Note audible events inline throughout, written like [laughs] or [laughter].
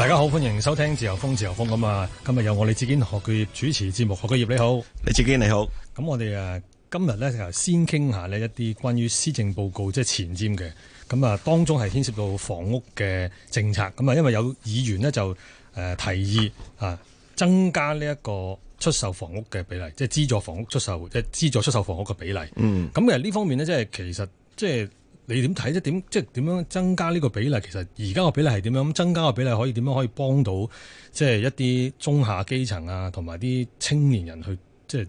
大家好，歡迎收聽自由風，自由風咁啊，今日由我哋李志堅學巨業主持節目，學巨業你好，李志堅你好。咁我哋誒今日咧就先傾下呢一啲關於施政報告即係、就是、前瞻嘅，咁啊當中係牽涉到房屋嘅政策，咁啊因為有議員呢，就誒提議啊增加呢一個出售房屋嘅比例，即係資助房屋出售，即係資助出售房屋嘅比例。嗯。咁呢方面呢，即係其實即、就、係、是。你點睇啫？點，即係點樣增加呢個比例？其實而家個比例係點樣？增加個比例可以點樣可以幫到即係一啲中下基層啊，同埋啲青年人去即係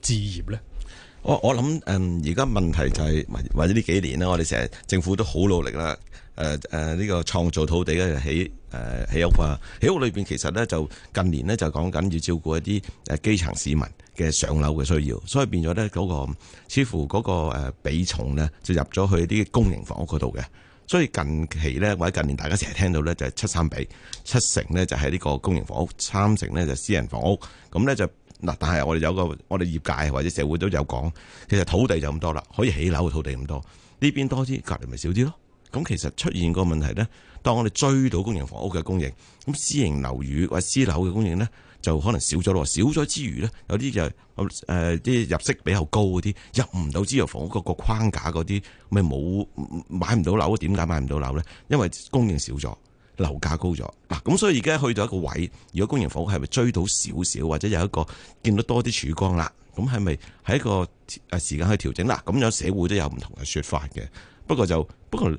置業咧？我我諗而家問題就係、是、或者呢幾年呢，我哋成日政府都好努力啦。誒、呃、誒，呢、這個創造土地咧，起起、呃、屋啊，起屋裏面，其實咧就近年咧就講緊要照顧一啲基層市民。嘅上樓嘅需要，所以變咗咧嗰個似乎嗰個比重咧，就入咗去啲公營房屋嗰度嘅。所以近期咧，或者近年大家成日聽到咧，就係七三比，七成咧就係呢個公營房屋，三成咧就私人房屋。咁咧就嗱，但係我哋有個我哋業界或者社會都有講，其實土地就咁多啦，可以起樓嘅土地咁多，呢邊多啲，隔離咪少啲咯。咁其實出現個問題咧，當我哋追到公營房屋嘅供應，咁私營樓宇或私樓嘅供應咧。就可能少咗咯，少咗之餘咧，有啲就誒啲入息比較高嗰啲入唔到資助房屋個框架嗰啲，咪冇買唔到樓啊？點解買唔到樓咧？因為供應少咗，樓價高咗嗱。咁、啊、所以而家去到一個位，如果供應房屋係咪追到少少，或者有一個見得多啲曙光啦？咁係咪喺一個啊時間去調整啦？咁、啊、有社會都有唔同嘅說法嘅。不過就不過。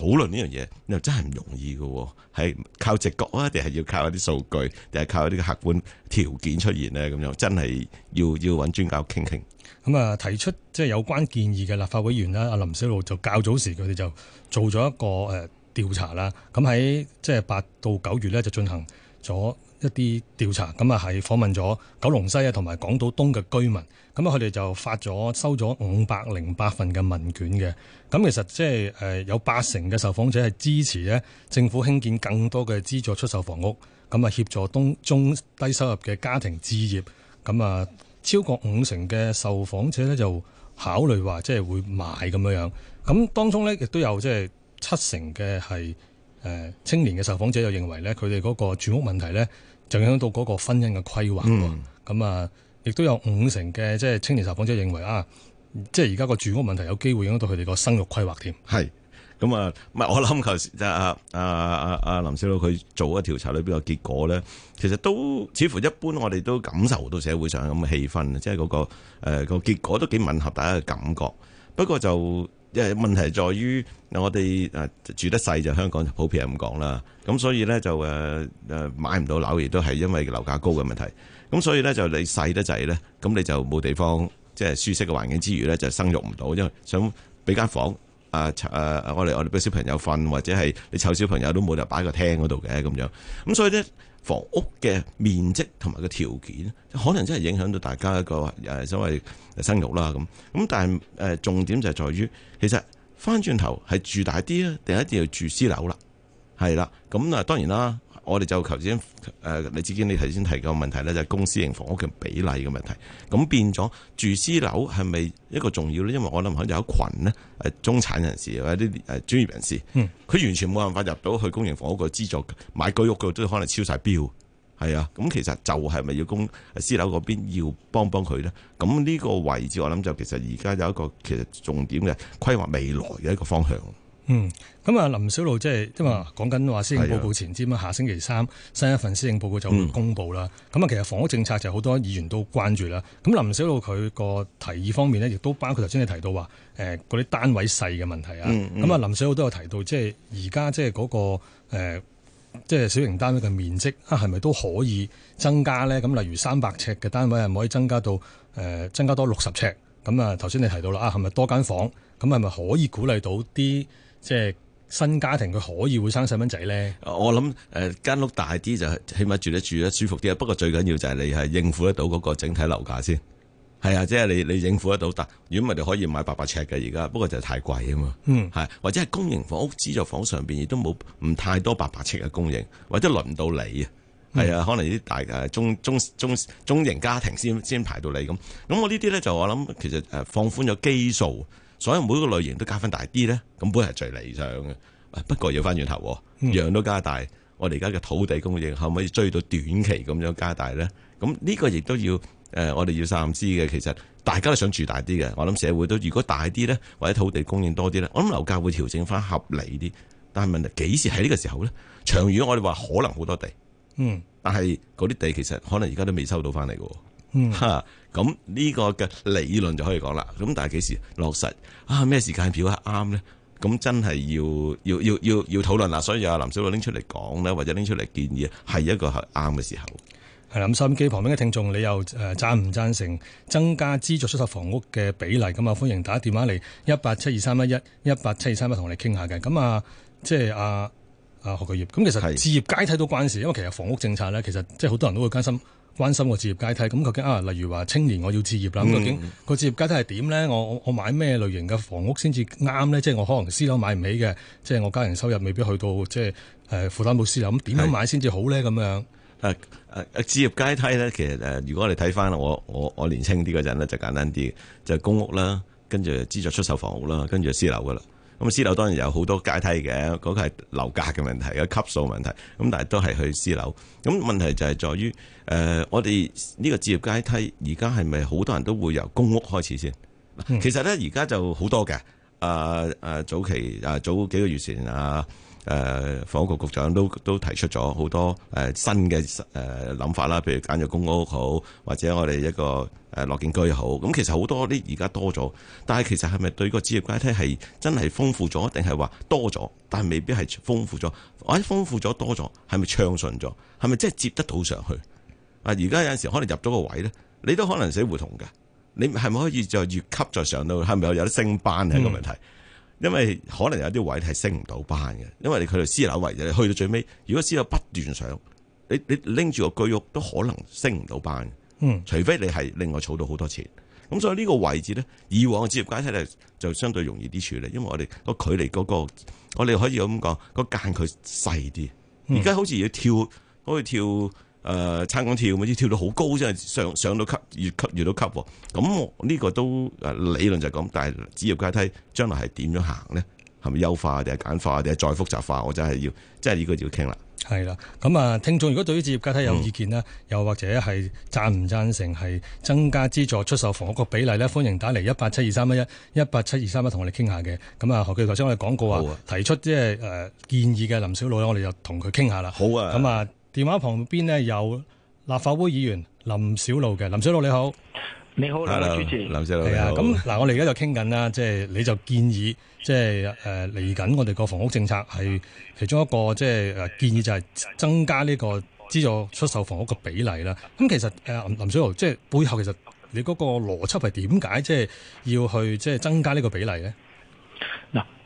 討論呢樣嘢，又真係唔容易嘅，係靠直覺啊，定係要靠一啲數據，定係靠一啲客觀條件出現咧？咁樣真係要要搵專家傾傾。咁啊，提出即係有關建議嘅立法會議員咧，阿林筱魯就較早時佢哋就做咗一個誒調查啦。咁喺即係八到九月咧就進行咗。一啲調查咁啊，係訪問咗九龍西啊同埋港島東嘅居民，咁啊，佢哋就發咗收咗五百零八份嘅問卷嘅。咁其實即係有八成嘅受訪者係支持呢政府興建更多嘅資助出售房屋，咁啊協助東中低收入嘅家庭置業。咁啊，超過五成嘅受訪者呢，就考慮話即係會買咁樣樣。咁當中呢，亦都有即係七成嘅係青年嘅受訪者就認為呢，佢哋嗰個住屋問題呢。就影響到嗰個婚姻嘅規劃，咁啊，亦、嗯、都有五成嘅即係青年受訪者認為啊，即係而家個住屋問題有機會影響到佢哋個生育規劃添。係，咁啊，唔係我諗，頭先就阿阿阿阿林筱魯佢做嘅調查裏邊嘅結果咧，其實都似乎一般，我哋都感受到社會上咁嘅氣氛，即係嗰個誒、呃那個結果都幾吻合大家嘅感覺。不過就。因為問題在於我哋住得細，就香港普遍係咁講啦，咁所以咧就誒誒買唔到樓，亦都係因為樓價高嘅問題。咁所以咧就你細得滯咧，咁你就冇地方即係舒適嘅環境之餘咧，就生育唔到，因為想俾間房。啊！啊！我哋我哋俾小朋友瞓，或者係你湊小朋友都冇得擺喺個廳嗰度嘅，咁樣。咁所以咧，房屋嘅面積同埋個條件，可能真係影響到大家一個誒所謂生育啦咁。咁但係誒重點就係在於，其實翻轉頭係住大啲啊，定係一定要住私樓啦，係啦。咁啊，當然啦。我哋就頭先，誒，李志堅，你頭先提個問題咧，就係公私營房屋嘅比例嘅問題。咁、就是、變咗住私樓係咪一個重要咧？因為我諗可能有羣咧，中產人士或者啲誒專業人士，佢、嗯、完全冇辦法入到去公營房屋個資助買居屋嘅，都可能超晒標。係啊，咁其實就係咪要公私樓嗰邊要幫幫佢咧？咁呢個位置我諗就其實而家有一個其實重點嘅規劃未來嘅一個方向。嗯，咁啊林筱魯即係即係講緊話，施政報告前尖啦，下星期三新一份施政報告就會公布啦。咁、嗯、啊，其實房屋政策就好多議員都關注啦。咁林筱魯佢個提議方面咧，亦都包括頭先你提到話，誒嗰啲單位細嘅問題啊。咁、嗯、啊、嗯，林筱魯都有提到，即係而家即係嗰、嗰個誒、呃，即係小型單位嘅面積啊，係咪都可以增加咧？咁、啊、例如三百尺嘅單位，係咪可以增加到誒、呃、增加多六十尺？咁啊，頭先你提到啦，啊係咪多間房？咁係咪可以鼓勵到啲？即、就、係、是、新家庭，佢可以會生細蚊仔咧。我諗誒，間屋大啲就起碼住得住得舒服啲啊。不過最緊要就係你係應付得到嗰個整體樓價先。係啊，即係你你應付得到。但係如果你可以買八百尺嘅，而家，不過就太貴啊嘛。嗯，係或者係公營房屋資助房上邊亦都冇唔太多八百尺嘅供應，或者輪唔到你啊。係啊，可能啲大誒中中中中型家庭先先排到你咁。咁我呢啲咧就我諗其實誒放寬咗基數。所以每個類型都加翻大啲呢，咁本係最理想嘅。不過要翻轉頭，樣都加大。我哋而家嘅土地供應可唔可以追到短期咁樣加大呢？咁、這、呢個亦都要誒，我哋要三思嘅。其實大家都想住大啲嘅，我諗社會都如果大啲呢，或者土地供應多啲呢，我諗樓價會調整翻合理啲。但係問題幾時喺呢個時候呢？長遠我哋話可能好多地，嗯，但係嗰啲地其實可能而家都未收到翻嚟喎。嗯、啊，吓，咁呢個嘅理論就可以講啦。咁但係幾時落實啊？咩時間表係啱咧？咁真係要要要要要討論啦。所以阿林筱魯拎出嚟講咧，或者拎出嚟建議，係一個係啱嘅時候。係啦，咁收音機旁邊嘅聽眾，你又誒贊唔贊成增加資助出售房屋嘅比例？咁啊，歡迎打電話嚟一八七二三一一一八七二三一，同我哋傾下嘅。咁啊，即係啊阿何國業。咁其實置業階梯都關事，因為其實房屋政策咧，其實即係好多人都會關心。關心個置業階梯，咁究竟啊，例如話青年我要置業啦，究竟個置業階梯係點咧？我我買咩類型嘅房屋先至啱咧？即係我可能私樓買唔起嘅，即係我家人收入未必去到，負擔到，即係誒負擔冇私樓咁，點樣買先至好咧？咁樣誒誒，置、啊啊、業階梯咧，其實誒，如果你睇翻我我我年青啲嘅人咧就簡單啲，就是、公屋啦，跟住資助出售房屋啦，跟住私樓噶啦。咁私樓當然有好多階梯嘅，嗰、那個係樓價嘅問題，個級數問題，咁但係都係去私樓。咁問題就係在於，誒，我哋呢個置業階梯而家係咪好多人都會由公屋開始先、嗯？其實咧，而家就好多嘅，誒、啊、誒，早期誒、啊、早幾個月前啊。誒、uh, 房屋局局長都都提出咗好多誒、呃、新嘅誒諗法啦，譬如簡約公屋好，或者我哋一個誒樂建居好。咁其實好多啲而家多咗，但係其實係咪對個置業階梯係真係豐富咗，定係話多咗？但係未必係豐富咗。或者豐富咗多咗，係咪暢順咗？係咪即係接得到上去？啊，而家有陣時候可能入咗個位咧，你都可能死胡同嘅。你係咪可以再越級再上到？係咪有啲升班係一個問題？嗯。因為可能有啲位係升唔到班嘅，因為你佢哋私樓位你去到最尾，如果私樓不斷上，你你拎住個居屋都可能升唔到班。嗯，除非你係另外儲到好多錢。咁所以呢個位置咧，以往嘅置業階梯咧就相對容易啲處理，因為我哋個距離嗰、嗰個，我哋可以咁講，個間距細啲。而家好似要跳，好似跳。誒、呃，撐杆跳咁啊，跳到好高先，真上上到級越級越到級。咁呢個都誒，理論就係咁，但係置業階梯將來係點樣行呢？係咪優化，定係簡化，定係再複雜化？我真係要，真係呢個就要傾啦。係啦，咁啊，聽眾如果對於置業階梯有意見呢、嗯，又或者係贊唔贊成係增加資助出售房屋個比例呢，歡迎打嚟一八七二三一一一八七二三一同我哋傾下嘅。咁啊，佢頭先我哋講過話，提出即係誒建議嘅林筱魯我哋就同佢傾下啦。好啊，咁啊。電話旁邊呢有立法會議員林筱魯嘅，林筱魯你好，你好，Hello, 主持林筱魯，係啊，咁嗱，我哋而家就傾緊啦，即係你就建議，即係誒嚟緊我哋個房屋政策係其中一個，即係誒建議就係增加呢個資助出售房屋嘅比例啦。咁其實誒林筱魯，即係背後其實你嗰個邏輯係點解，即係要去即係增加呢個比例咧？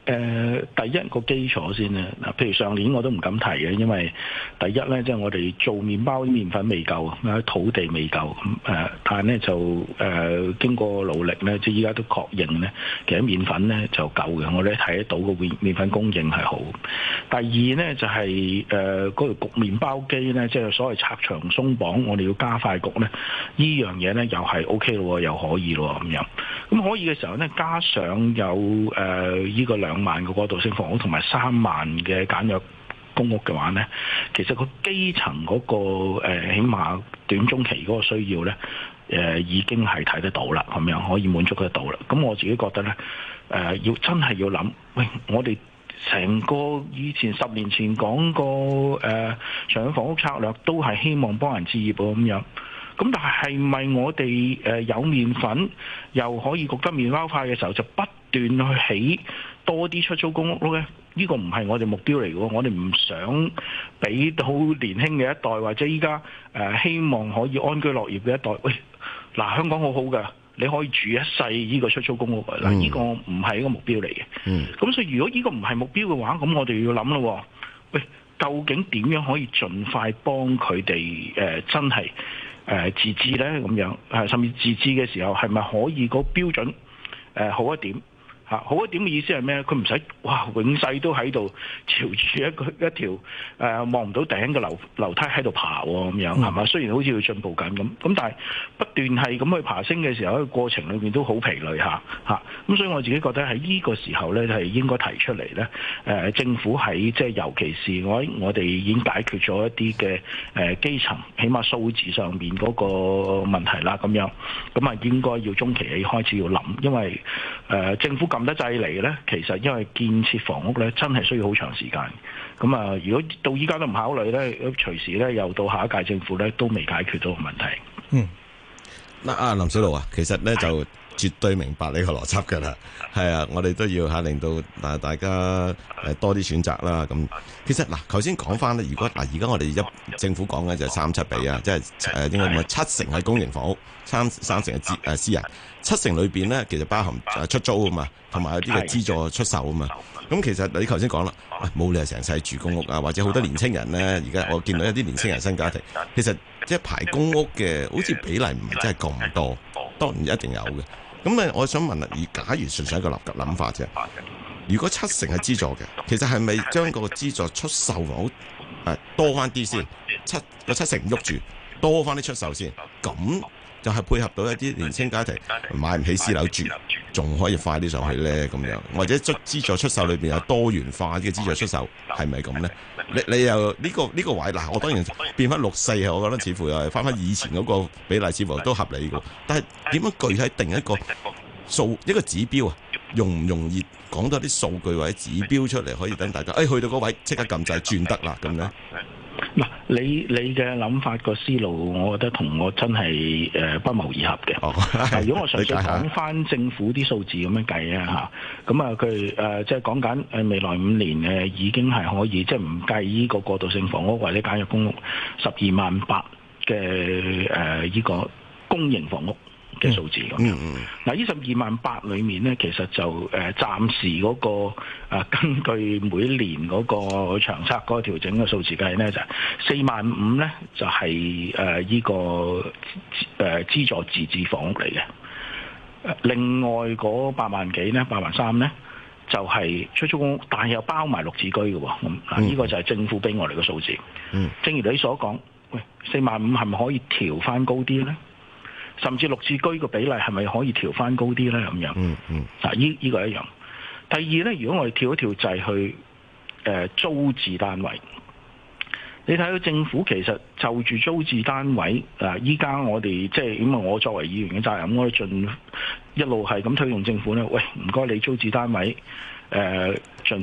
誒、呃、第一個基礎先嗱，譬如上年我都唔敢提嘅，因為第一咧，即係我哋做麵包啲麵粉未夠啊，土地未夠咁，呃、但係咧就誒、呃、經過努力咧，即係依家都確認咧，其實麵粉咧就夠嘅，我哋睇得到個麵粉供應係好。第二咧就係誒嗰個焗麵包機咧，即係所謂拆牆鬆綁，我哋要加快焗咧，呢樣嘢咧又係 O K 咯，又可以咯咁樣。咁可以嘅時候咧，加上有誒呢、呃呢個量。兩萬個過渡性房屋同埋三萬嘅簡約公屋嘅話呢，其實個基層嗰、嗰個起碼短中期嗰個需要呢，誒已經係睇得到啦，咁樣可以滿足得到啦。咁我自己覺得呢，誒要真係要諗，喂，我哋成個以前十年前講過誒長遠房屋策略，都係希望幫人置業噃咁樣。咁但係係咪我哋誒有麵粉又可以焗得麵包快嘅時候，就不斷去起？多啲出租公屋咯呢、okay. 呢個唔係我哋目標嚟嘅，我哋唔想俾到年輕嘅一代或者依家、呃、希望可以安居樂業嘅一代。喂，嗱香港好好㗎。你可以住一世呢個出租公屋嗱呢、呢個唔係一個目標嚟嘅。咁、嗯、所以如果呢個唔係目標嘅話，咁我哋要諗咯。喂，究竟點樣可以盡快幫佢哋誒真係、呃、自置呢？咁樣，甚至自置嘅時候係咪可以個標準、呃、好一點？吓好一點嘅意思係咩？佢唔使哇永世都喺度朝住一個一條誒、呃、望唔到頂嘅樓樓梯喺度爬喎、哦、咁樣係嘛？雖然好似要進步緊咁，咁但係不斷係咁去爬升嘅時候，喺、這個過程裏面都好疲累嚇嚇。咁、啊、所以我自己覺得喺呢個時候咧，係應該提出嚟咧誒政府喺即係尤其是我我哋已經解決咗一啲嘅誒基層，起碼數字上面嗰個問題啦咁樣，咁啊應該要中期開始要諗，因為誒、呃、政府。冧得滯嚟咧，其實因為建設房屋咧，真係需要好長時間。咁啊，如果到依家都唔考慮咧，隨時咧又到下一屆政府咧都未解決到個問題。嗯，嗱，啊，林筱魯啊，其實咧就。絕對明白呢個邏輯噶啦，係啊，我哋都要吓、啊、令到大家誒、啊、多啲選擇啦。咁其實嗱，頭先講翻咧，如果嗱而家我哋而家政府講緊就係三七比、就是、啊，即係誒，應該咪七成係公營房屋，三三成係、啊、私人。七成裏邊呢，其實包含出租啊嘛，同埋有啲嘅資助出售啊嘛。咁其實你頭先講啦，冇、啊、理由成世住公屋啊，或者好多年輕人呢，而家我見到一啲年輕人新家庭，其實即係排公屋嘅，好似比例唔係真係咁多。當然一定有嘅。咁啊，我想問啊，而假如純粹一個立及諗法啫，如果七成係資助嘅，其實係咪將個資助出售好誒、啊、多返啲先？七個七成喐住，多返啲出售先咁？就係、是、配合到一啲年青家庭買唔起私樓住，仲可以快啲上去呢。咁樣，或者出資助出售裏面有多元化嘅資助出售，係咪咁呢？你你又呢、這個呢、這個位嗱，我當然變翻六四啊，我覺得似乎又係翻翻以前嗰個比例，似乎都合理㗎。但係點樣具體定一個數一個指標啊？容唔容易講多啲數據或者指標出嚟，可以等大家誒、哎、去到嗰位即刻撳掣轉得啦咁呢嗱，你你嘅諗法、個思路，我覺得同我真係誒不謀而合嘅、哦。如果我純粹講翻政府啲數字咁樣計啊嚇，咁啊佢誒即係講緊未來五年已經係可以即係唔計呢個過渡性房屋或者簡約公屋十二萬八嘅誒呢個公營房屋。嘅數字咁樣，嗱呢十二萬八裏面呢，嗯、其實就誒暫時嗰、那個、啊、根據每年嗰個長策嗰個調整嘅數字計咧，就係四萬五呢，就係誒依個誒資助自置房屋嚟嘅。另外嗰八萬幾呢，八萬三呢，就係、是、出租屋，但又包埋綠置居嘅喎。咁、嗯、啊，依、嗯這個就係政府俾我哋嘅數字、嗯。正如你所講，喂，四萬五係咪可以調翻高啲呢？甚至綠置居個比例係咪可以調翻高啲呢？咁、嗯、樣？嗯嗯、嗱、啊這個一樣。第二呢，如果我哋跳一跳就係去誒、呃、租置單位，你睇到政府其實就住租置單位。嗱、呃，依家我哋即係因為！我作為議員嘅責任，我哋盡一路係咁推動政府呢，喂，唔該你租置單位誒，盡、呃、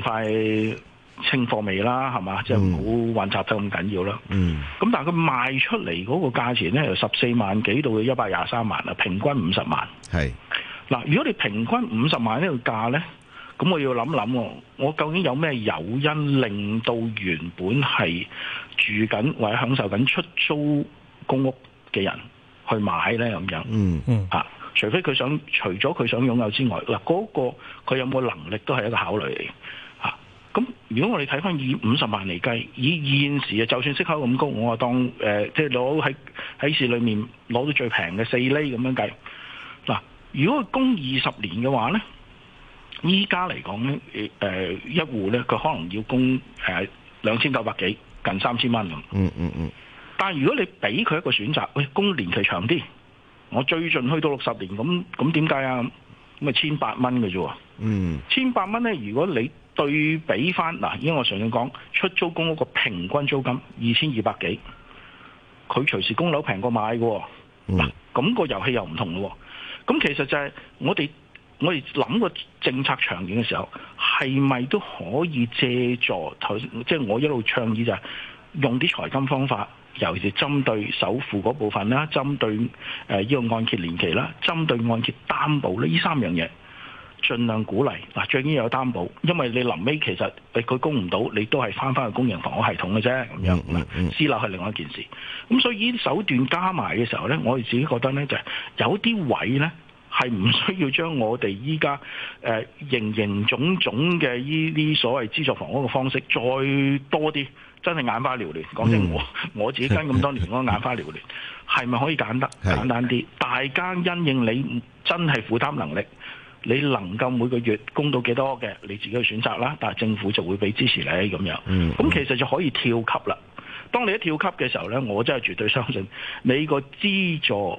快。清貨未啦，係嘛、嗯？即係唔好混雜得咁緊要啦。咁、嗯、但係佢賣出嚟嗰個價錢咧，由十四萬幾到一百廿三萬啦，平均五十萬。係嗱，如果你平均五十萬呢個價咧，咁我要諗諗我，我究竟有咩誘因令到原本係住緊或者享受緊出租公屋嘅人去買咧咁樣？嗯嗯、啊、除非佢想除咗佢想擁有之外，嗱、那、嗰個佢有冇能力都係一個考慮嚟。咁如果我哋睇翻以五十萬嚟計，以現時啊，就算息口咁高，我當誒即係攞喺喺市裏面攞到最平嘅四厘咁樣計。嗱，如果佢供二十年嘅話、呃、呢，依家嚟講呢，一戶呢，佢可能要供係兩千九百幾，近三千蚊咁。嗯嗯嗯。但係如果你俾佢一個選擇，喂、哎，供年期長啲，我最近去到六十年，咁咁點解啊？咁啊千八蚊嘅啫喎。嗯。千八蚊呢，如果你對比翻嗱，因為我常常講出租公屋個平均租金二千二百幾，佢隨時供樓平過買嘅，嗱、那、咁個遊戲又唔同咯。咁其實就係我哋我哋諗個政策場景嘅時候，係咪都可以借助？即係我一路倡議就係用啲財金方法，尤其是針對首付嗰部分啦，針對呢依個按揭年期啦，針對按揭擔保呢三樣嘢。盡量鼓勵嗱，最緊要有擔保，因為你臨尾其實佢供唔到，你都係翻翻去公營房屋系統嘅啫，咁、嗯、樣、嗯、私樓係另外一件事。咁所以呢啲手段加埋嘅時候呢，我哋自己覺得呢，就係、有啲位呢，係唔需要將我哋依家呃，形形種種嘅呢啲所謂資助房屋嘅方式再多啲，真係眼花撩亂。講、嗯、真，我、嗯、我自己跟咁多年我眼花撩亂，係、嗯、咪可以簡單簡單啲？大家因應你真係負擔能力。你能夠每個月供到幾多嘅，你自己去選擇啦。但政府就會俾支持你。咁樣。咁、嗯嗯、其實就可以跳級啦。當你一跳級嘅時候咧，我真係絕對相信你個資助誒呢、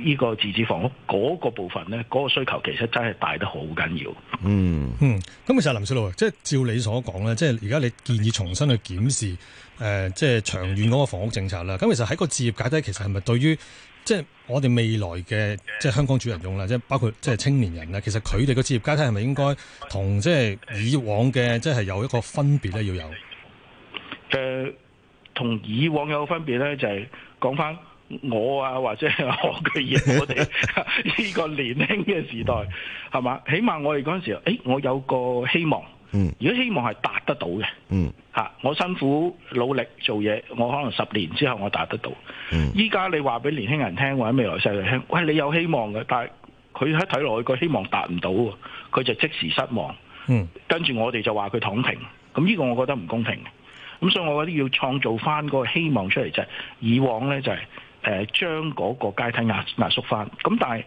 呃這個自置房屋嗰個部分咧，嗰、那個需求其實真係大得好緊要。嗯嗯。咁其實林筱魯，即係照你所講咧，即係而家你建議重新去檢視、呃、即係長遠嗰個房屋政策啦。咁其實喺個置業界底，其實係咪對於？即係我哋未來嘅即係香港主人用啦，即係包括即係青年人啦。其實佢哋嘅置業階梯係咪應該同即係以往嘅即係有一個分別咧？要有誒，同以往有分別咧，就係講翻我啊或者我嘅嘢。我哋呢個年輕嘅時代係嘛？ [laughs] 起碼我哋嗰陣時候，誒、欸、我有個希望。如果希望係達得到嘅，嗯，嚇、啊、我辛苦努力做嘢，我可能十年之後我達得到。嗯，依家你話俾年輕人聽或者未來細路聽，喂，你有希望嘅，但係佢一睇落去個希望達唔到，佢就即時失望。嗯，跟住我哋就話佢躺平，咁呢個我覺得唔公平嘅。咁所以我覺得要創造翻嗰個希望出嚟就係、是，以往呢、就是，就係誒將嗰個階梯壓壓縮翻。咁但係誒、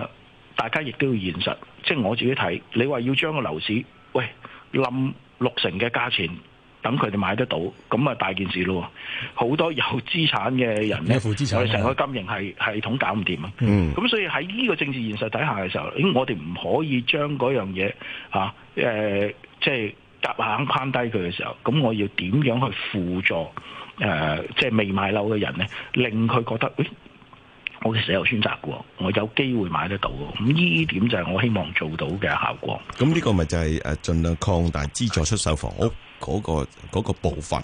呃、大家亦都要現實，即、就、係、是、我自己睇，你話要將個樓市。喂，冧六成嘅價錢，等佢哋買得到，咁啊大件事咯。好多有資產嘅人咧，我哋成個金融係系統搞唔掂啊。嗯，咁所以喺呢個政治現實底下嘅時候，我哋唔可以將嗰樣嘢、啊呃、即係夾硬框低佢嘅時候，咁我要點樣去輔助、呃、即係未買樓嘅人咧，令佢覺得喂。哎我嘅社有選擇嘅，我有機會買得到嘅。咁呢點就係我希望做到嘅效果。咁呢個咪就係誒盡量擴大資助出售房屋嗰、嗰個嗰個部分。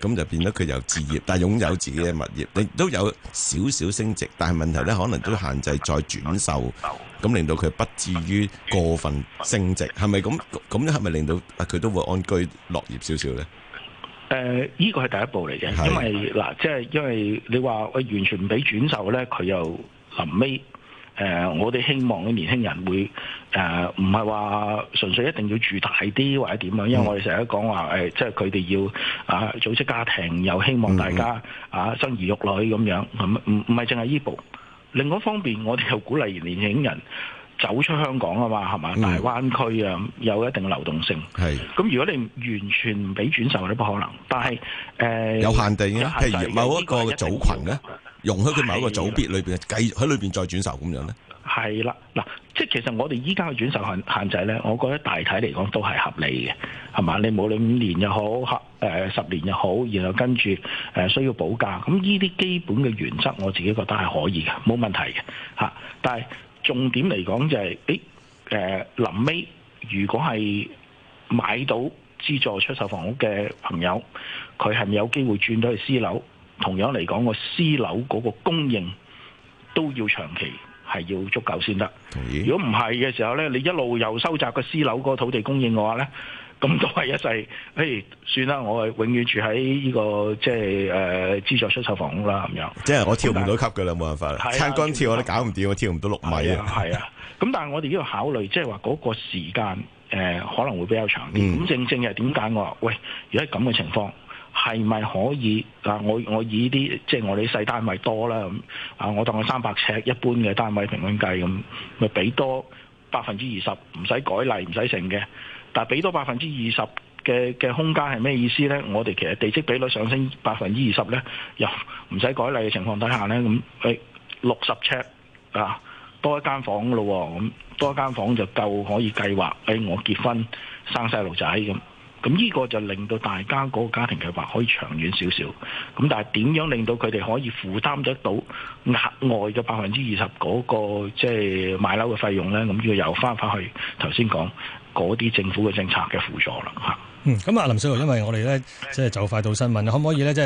咁就變咗佢有置業，但係擁有自己嘅物業，你都有少少升值。但係問題咧，可能都限制再轉售，咁令到佢不至於過分升值。係咪咁？咁咧係咪令到啊佢都會安居樂業少少咧？誒、呃，呢個係第一步嚟嘅，因為嗱，即係因為你話完全唔俾轉售咧，佢又臨尾誒、呃，我哋希望啲年輕人會誒，唔係話純粹一定要住大啲或者點樣，因為我哋成日講話誒，即係佢哋要啊組織家庭，又希望大家啊生兒育女咁、嗯、樣，唔唔唔係淨係依步。另外一方面，我哋又鼓勵年輕人。走出香港啊嘛，係嘛？大灣區啊，嗯、有一定嘅流動性。係。咁如果你完全唔俾轉售，都不可能。但係誒、呃，有限定嘅、啊，譬如某一個組群咧，容許佢某一個組別裏邊計喺裏邊再轉售咁樣咧。係啦，嗱，即係其實我哋依家嘅轉售限限制咧，我覺得大體嚟講都係合理嘅，係嘛？你無論五年又好，嚇誒十年又好，然後跟住誒需要補價，咁呢啲基本嘅原則，我自己覺得係可以嘅，冇問題嘅嚇。但係重點嚟講就係，誒，臨尾如果係買到資助出售房屋嘅朋友，佢係咪有機會轉到去私樓？同樣嚟講，個私樓嗰個供應都要長期係要足夠先得。同意。如果唔係嘅時候呢，你一路又收集個私樓嗰個土地供應嘅話呢。咁都係一世，誒算啦，我係永遠住喺呢、呢個即係誒、呃、資助出售房屋啦，咁樣。即係我跳唔到級嘅啦，冇辦法啦。撐竿跳我都搞唔掂，我跳唔到六米啊。係啊，咁 [laughs] 但係我哋呢度考慮，即係話嗰個時間、呃、可能會比較長啲。咁、嗯、正正係點解我話，喂，如果咁嘅情況係咪可以、啊、我我以啲即係我哋細單位多啦，啊，我當我三百尺一般嘅單位平均計咁，咪俾多百分之二十，唔使改例，唔使剩嘅。但係俾多百分之二十嘅嘅空間係咩意思呢？我哋其實地積比率上升百分之二十呢，又唔使改例嘅情況底下呢，咁誒六十尺啊，多一間房嘅咯喎，咁多一間房就夠可以計劃誒、哎、我結婚生細路仔咁。咁呢個就令到大家嗰個家庭計劃可以長遠少少。咁但係點樣令到佢哋可以負擔得到額外嘅百分之二十嗰個即係、就是、買樓嘅費用呢？咁要又翻返去頭先講。嗰啲政府嘅政策嘅輔助啦嚇，嗯，咁啊林筱魯，因為我哋咧即係就是、快到新聞可唔可以咧即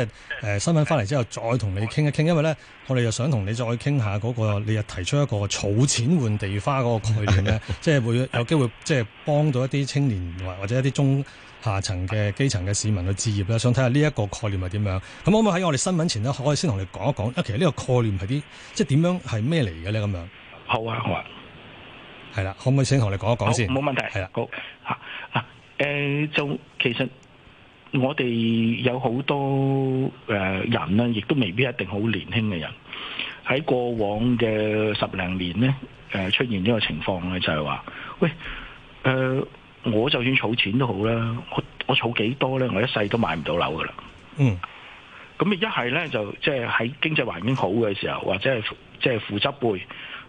係新聞翻嚟之後再同你傾一傾？因為咧我哋又想同你再傾下嗰、那個你又提出一個儲錢換地花嗰、那個概念咧，即 [laughs] 係會有機會即係、就是、幫到一啲青年或者一啲中下層嘅基層嘅市民去置業啦，想睇下呢一個概念係點樣？咁可唔可以喺我哋新聞前呢可以先同你講一講？啊，其實呢個概念係啲即係點樣係咩嚟嘅咧？咁樣好啊，好啊。係啦，可唔可以先同你講一講先？冇問題。係啦，好吓嗱，誒、啊呃，就其實我哋有好多誒、呃、人咧，亦都未必一定好年輕嘅人。喺過往嘅十零年咧，誒、呃，出現呢個情況咧，就係話，喂，誒、呃，我就算儲錢都好啦，我我儲幾多咧，我一世都買唔到樓噶啦。嗯。咁一係咧，就即係喺經濟環境好嘅時候，或者係即係負債背。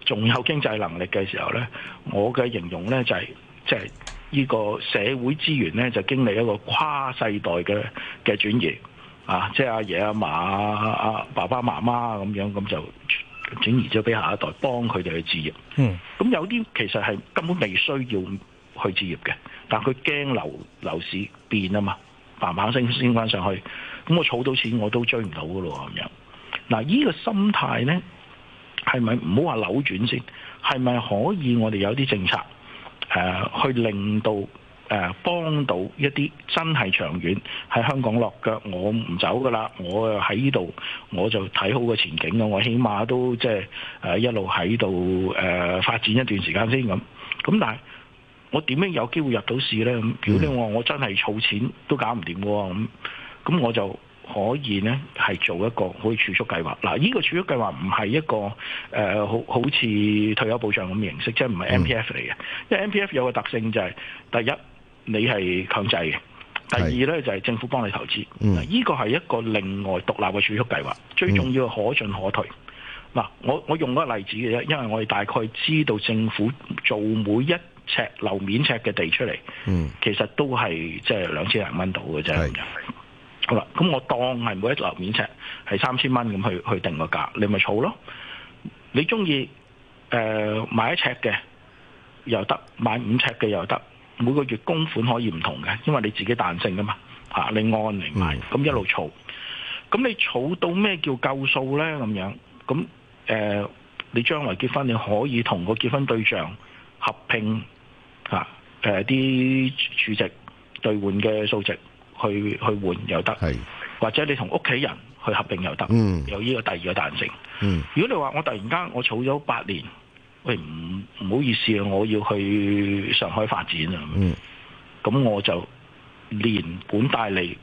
仲有經濟能力嘅時候呢，我嘅形容呢就係，係，即係呢個社會資源呢，就經歷一個跨世代嘅嘅轉移，啊，即係阿爺阿嫲啊、爸爸媽媽咁樣咁就轉移咗俾下一代幫佢哋去置業。嗯。咁有啲其實係根本未需要去置業嘅，但佢驚樓樓市變啊嘛，嘭嘭聲升返上去，咁我儲到錢我都追唔到噶咯咁樣。嗱、嗯，呢個心態呢。係咪唔好話扭轉先？係咪可以我哋有啲政策誒、呃，去令到誒、呃、幫到一啲真係長遠喺香港落腳，我唔走噶啦，我喺呢度我就睇好個前景咯。我起碼都即係誒一路喺度誒發展一段時間先咁。咁但係我點樣有機會入到市呢？如果你話我真係儲錢都搞唔掂喎，咁咁我就。可以呢，係做一個可以儲蓄計劃。嗱，呢個儲蓄計劃唔係一個誒、呃，好好似退休保障咁嘅形式，即係唔係 M P F 嚟嘅。因為 M P F 有個特性就係、是，第一你係強制嘅，第二呢是就係、是、政府幫你投資。呢、嗯這個係一個另外獨立嘅儲蓄計劃，最重要係可進可退。嗱、嗯，我我用個例子嘅啫，因為我哋大概知道政府做每一尺樓面尺嘅地出嚟、嗯，其實都係即係兩千零蚊到嘅啫。好啦，咁我當係每一樓面尺係三千蚊咁去去定個價，你咪儲咯。你中意誒買一尺嘅又得，買五尺嘅又得，每個月供款可以唔同嘅，因為你自己彈性噶嘛、啊、你按嚟買咁一路儲。咁、嗯、你儲到咩叫夠數呢？咁樣咁、啊、你將來結婚你可以同個結婚對象合併嚇誒啲儲值兌換嘅數值。去去換又得，或者你同屋企人去合併又得，有呢個第二個彈性、嗯。如果你話我突然間我儲咗八年，喂，唔唔好意思啊，我要去上海發展啊，咁、嗯、我就連本帶利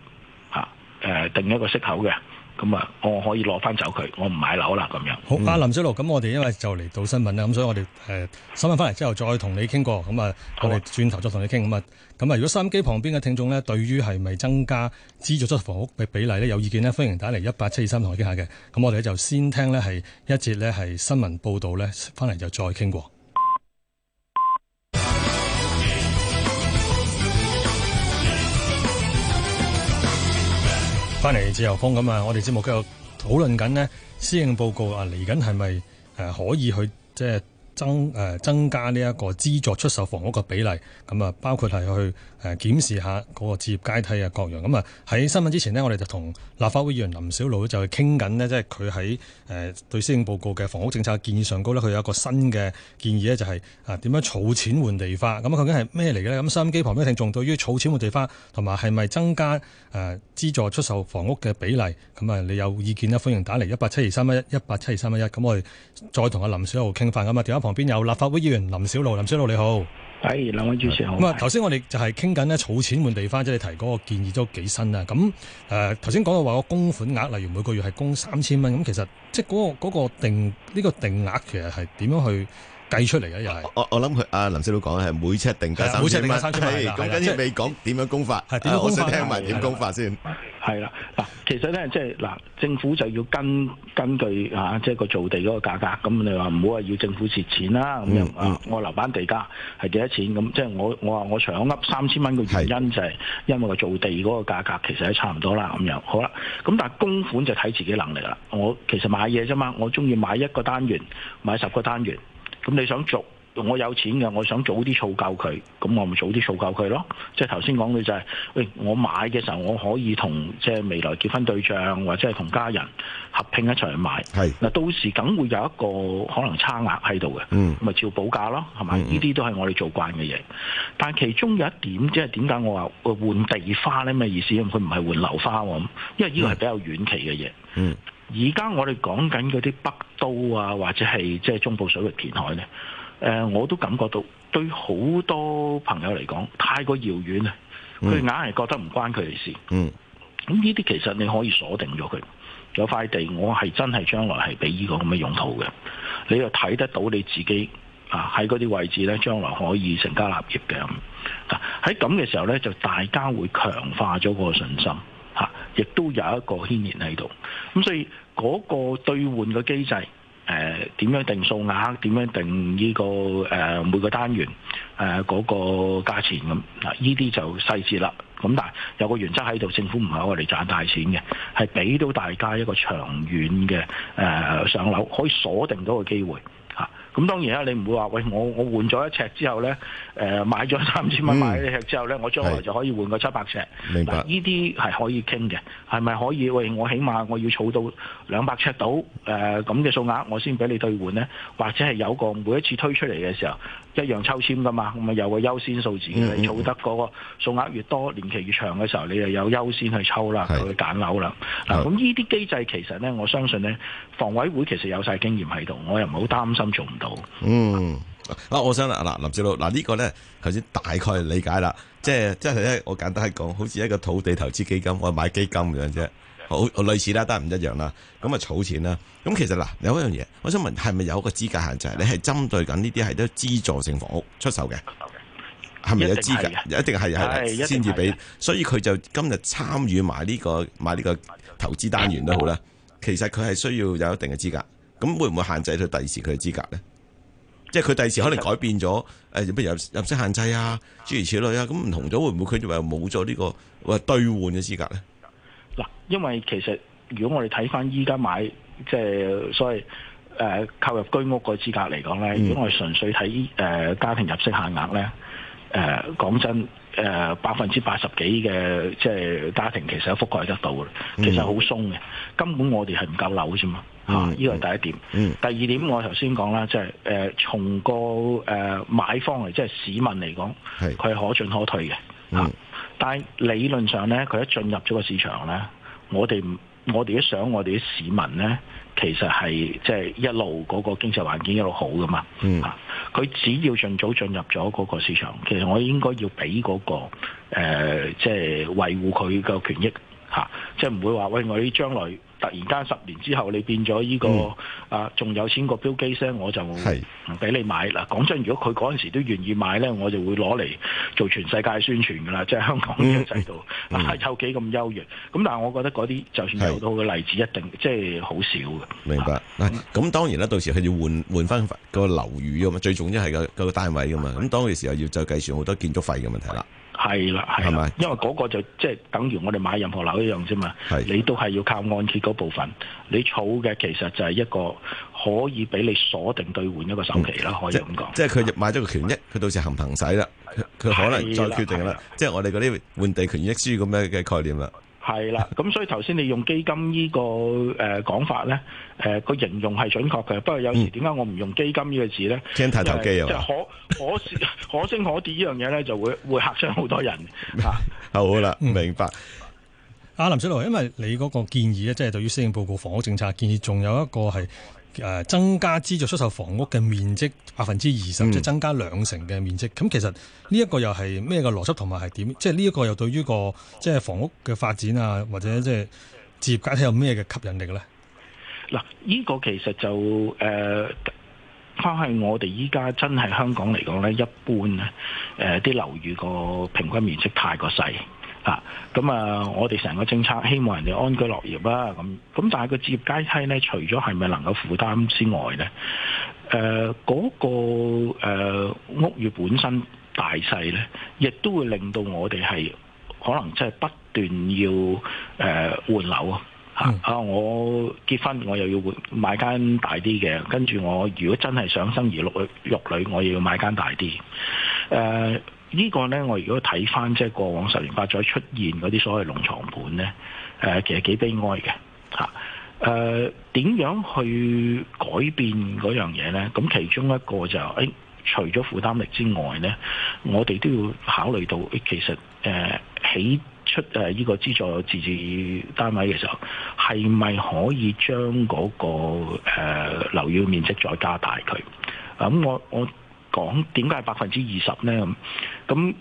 嚇誒定一個息口嘅。咁啊，我可以攞翻走佢，我唔買樓啦咁樣。好啊，林筱魯。咁我哋因為就嚟到新聞啦，咁所以我哋誒、呃、新聞翻嚟之後再同你傾過。咁啊，我哋轉頭再同你傾。咁啊，咁啊，如果收音機旁邊嘅聽眾呢，對於係咪增加資助出售房屋嘅比例呢，有意見呢，歡迎打嚟一八七二三同我傾下嘅。咁我哋咧就先聽呢係一節呢係新聞報導呢，翻嚟就再傾過。翻嚟自由風咁啊！我哋節目繼續討論緊呢施政報告啊，嚟緊係咪誒可以去即係？增誒、呃、增加呢一個資助出售房屋嘅比例，咁、嗯、啊包括係去誒、呃、檢視一下嗰個置業階梯啊各樣，咁啊喺新聞之前呢，我哋就同立法會議員林筱魯就去傾緊呢，即係佢喺誒對施政報告嘅房屋政策嘅建議上高呢佢有一個新嘅建議呢，就係、是、啊點樣儲錢換地法，咁、嗯、究竟係咩嚟嘅呢？咁收音機旁邊嘅聽眾對於儲錢換地法同埋係咪增加誒、呃、資助出售房屋嘅比例，咁、嗯、啊、嗯、你有意見咧，歡迎打嚟一八七二三一一八七二三一一，咁我哋再同阿林筱魯傾翻，咁啊電旁邊有立法會議員林筱魯，林筱魯你好，係，兩位主持好。咁、呃、啊，頭先我哋就係傾緊咧，儲錢換地方即係你提嗰個建議都幾新啊。咁誒，頭先講到話個供款額，例如每個月係供三千蚊，咁其實即係、嗰、嗰個、嗰個定呢、呢個定額，其實係點樣去計出嚟嘅，又係，我我諗佢阿林叔都講咧，係每尺定價三千，每尺定價三千，係咁，跟住未講點樣供法，我想聽埋點供法先，係啦嗱，其實咧，即係嗱，政府就要根根據即係個造地嗰個價格，咁你話唔好話要政府蝕錢啦咁樣，我樓板地價係幾多錢，咁即係我我話我長噏三千蚊嘅原因就係因為個造地嗰個價格其實係差唔多啦，咁樣好啦，咁但係供款就睇自己能力啦，我其實買嘢啫嘛，我中意買一個單元，買十個單元。咁你想做，我有錢嘅，我想早啲儲夠佢，咁我咪早啲儲夠佢咯。即係頭先講嘅就係，喂，我買嘅時候我可以同即係未來結婚對象或者係同家人合拼一齊去買。係嗱，到時梗會有一個可能差額喺度嘅，嗯，咪照補價咯，係咪？呢啲都係我哋做慣嘅嘢。嗯嗯。但其中有一點，即係點解我話換地花咧？咩意思？佢唔係換樓花喎，因為呢個係比較遠期嘅嘢，嗯。嗯。而家我哋講緊嗰啲北都啊，或者係即係中部水域填海呢，誒，我都感覺到對好多朋友嚟講，太過遙遠啦，佢硬係覺得唔關佢哋事。嗯。咁呢啲其實你可以鎖定咗佢，有塊地，我係真係將來係俾呢個咁嘅用途嘅，你又睇得到你自己啊喺嗰啲位置呢，將來可以成家立業嘅。喺咁嘅時候呢，就大家會強化咗個信心嚇，亦都有一個牽連喺度。咁所以。嗰、那個兌換嘅機制，誒、呃、點樣定數額，點樣定依、這個、呃、每個單元誒嗰、呃那個價錢咁嗱，依啲就細節啦。咁但係有個原則喺度，政府唔係我哋賺大錢嘅，係俾到大家一個長遠嘅、呃、上樓，可以鎖定到個機會。咁當然啦、啊，你唔會話喂，我我換咗一尺之後呢，誒、呃、買咗三千蚊買一尺之後呢、嗯，我將來就可以換個七百尺。明白，呢啲係可以傾嘅，係咪可以喂，我起碼我要儲到兩百尺到誒咁嘅數額，我先俾你兌換呢？或者係有個每一次推出嚟嘅時候。一樣抽籤噶嘛，咁啊有個優先數字，你儲得嗰個數額越多年期越長嘅時候，你就有優先去抽啦，去揀樓啦。嗱，咁呢啲機制其實咧，我相信咧，房委會其實有晒經驗喺度，我又唔好擔心做唔到。嗯，啊，啊我想啊嗱，林筱魯嗱，啊這個、呢個咧頭先大概理解啦，即係即係咧，我簡單係講，好似一個土地投資基金，我買基金咁樣啫。好，類似啦，但係唔一樣啦。咁啊，儲錢啦。咁其實嗱，有一樣嘢，我想問，係咪有一個資格限制？你係針對緊呢啲係都資助性房屋出售嘅，係、okay. 咪有資格？一定係係先至俾。所以佢就今日參與埋呢、呢個買呢個投資單元都好啦。其實佢係需要有一定嘅資格。咁會唔會限制到第二時佢嘅資格咧？即係佢第二時可能改變咗有入入息限制啊，諸如此類啊。咁唔同咗會唔會佢就話冇咗呢個或兌換嘅資格咧？因為其實如果我哋睇翻依家買，即、就、係、是、所謂誒購入居屋個資格嚟講咧，如果我哋純粹睇誒、呃、家庭入息限額咧，誒、呃、講真誒百分之八十幾嘅即係家庭其實都覆蓋得到嘅、嗯，其實好鬆嘅。根本我哋係唔夠樓啫嘛，嚇、嗯！依、啊這個係第一點、嗯。第二點我頭先講啦，即係誒從個誒買方嚟，即係市民嚟講，佢係可進可退嘅嚇、嗯啊。但係理論上咧，佢一進入咗個市場咧。我哋我哋都想我哋啲市民呢，其實係一路嗰個經濟環境一路好噶嘛，嚇、嗯、佢只要儘早進入咗嗰個市場，其實我應該要俾嗰個、呃、即係、維護佢個權益嚇，即係唔會話喂我哋將來。突然間十年之後，你變咗呢、這個、嗯、啊，仲有錢個標機聲，我就唔俾你買啦。講真，如果佢嗰陣時都願意買咧，我就會攞嚟做全世界宣傳噶啦，即係香港嘅制度，抽幾咁優越。咁但係我覺得嗰啲就算做到嘅例子，一定即係好少嘅。明白。咁當然啦，到時佢要換換翻個樓宇啊嘛，最重要係個個單位啊嘛。咁當其時候要就計算好多建築費嘅問題啦。係啦，係咪？吧因為嗰個就即係、就是、等於我哋買任何樓一樣啫嘛。的你都係要靠按揭嗰部分，你儲嘅其實就係一個可以俾你鎖定兌換一個首期啦，嗯、可以咁講。即係是佢的買咗個權益，佢的到時行唔行使啦？佢的可能再決定啦。即係我哋嗰啲換地權益書咁樣嘅概念啦。係啦，咁所以頭先你用基金這個法呢個誒講法咧，誒、呃、個形容係準確嘅。不過有時點解我唔用基金個呢個字咧？聽太投機啊！即、就是就是、可 [laughs] 可升可跌呢樣嘢咧，就會會嚇傷好多人嚇。 [laughs] 好啦、嗯，明白。阿林筱魯，因為你嗰個建議咧，即、就、係、是、對於施政報告房屋政策建議，仲有一個係。誒增加資助出售房屋嘅面積百分之二十，即增加兩成嘅面積。咁、嗯、其實呢一個又係咩嘅邏輯同埋係點？即係呢一個又對於個即係房屋嘅發展啊，或者即係置業階層有咩嘅吸引力呢？嗱，呢個其實就誒，翻去我哋依家真係香港嚟講呢，一般呢啲樓宇個平均面積太過細。啊，咁啊，我哋成個政策希望人哋安居樂業啦。咁、啊，咁但係個置業階梯呢，除咗係咪能夠負擔之外呢誒嗰、呃那個、呃、屋宇本身大細呢，亦都會令到我哋係可能即係不斷要誒、呃、換樓、嗯、啊，我結婚我又要換買間大啲嘅，跟住我如果真係想生兒育,育女，我又要買間大啲，誒、啊。呢、這個呢，我如果睇翻即係過往十年八載出現嗰啲所謂龍床盤呢、呃，其實幾悲哀嘅嚇。點、啊呃、樣去改變嗰樣嘢呢？咁其中一個就誒、是，除咗負擔力之外呢，我哋都要考慮到誒其實、呃、起出誒、呃這個資助自置單位嘅時候，係咪可以將嗰、那個樓、呃、宇面積再加大佢？呃我我講點解係百分之二十呢？咁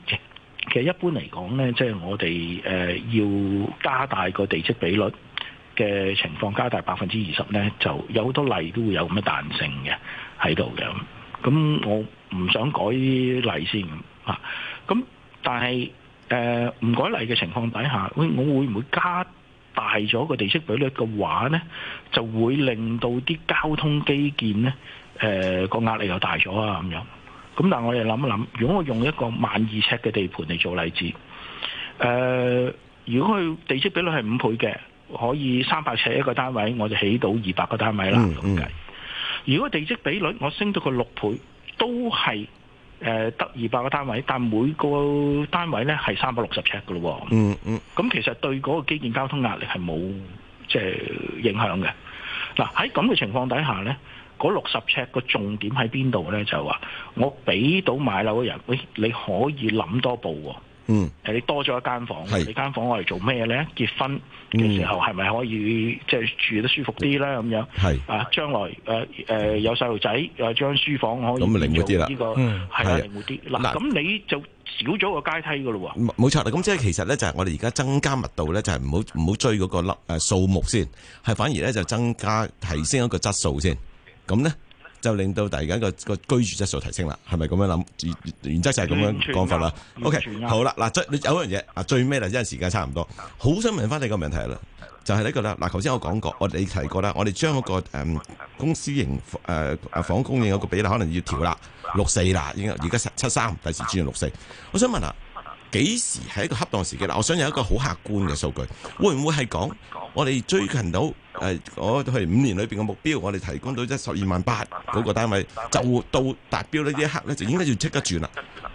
其實一般嚟講呢，即係我哋呃要加大個地積比率嘅情況，加大百分之二十呢，就有好多例都會有咁嘅彈性嘅喺度嘅。咁我唔想改例先咁啊。咁但係呃唔改例嘅情況底下，我會唔會加大咗個地積比率嘅話呢，就會令到啲交通基建呢呃個壓力又大咗啊咁樣。咁但我哋諗一諗，如果我用一個萬二尺嘅地盤嚟做例子，呃、如果佢地積比率係五倍嘅，可以三百尺一個單位，我就起到二百個單位啦。咁、嗯、計、嗯，如果地積比率我升到個六倍，都係誒得二百個單位，但每個單位呢係三百六十尺噶咯。嗯嗯，咁其實對嗰個基建交通壓力係冇即係影響嘅。嗱，喺咁嘅情況底下呢。嗰六十尺個重點喺邊度咧？就話、是、我俾到買樓嘅人，喂，你可以諗多步喎。嗯，你多咗一間房，你間房我嚟做咩咧？結婚嘅時候係咪可以即、嗯就係、住得舒服啲咧？咁樣係啊，將來、呃、有細路仔誒將書房可以咁、嗯這個、靈活啲啦。呢個係靈活啲。嗱、啊、咁、啊、你就少咗個階梯噶咯喎。冇錯啦。咁即係其實咧，就係我哋而家增加密度咧，就係唔好唔好追嗰個數目先，係反而咧就增加提升一個質素先。咁咧就令到大家個個居住質素提升啦，係咪咁樣諗？原則就係咁樣講法啦。OK，好啦，嗱，有嗰樣嘢啊，最尾啦，真係時間差唔多，好想問翻你個問題啦，就係、是、呢個啦。嗱，頭先我講過，我哋提過啦，我哋將嗰、那個公私營誒房供應嗰個比例可能要調啦，六四啦，已經而家七三，第時轉六四。我想問啊。幾時係一個恰當時機嗱？我想有一個好客觀嘅數據，會唔會係講我哋追近到誒，我、呃、係五年裏邊嘅目標，我哋提供到一十二萬八嗰個單位，就到達標呢一刻咧，就應該要即刻住啦。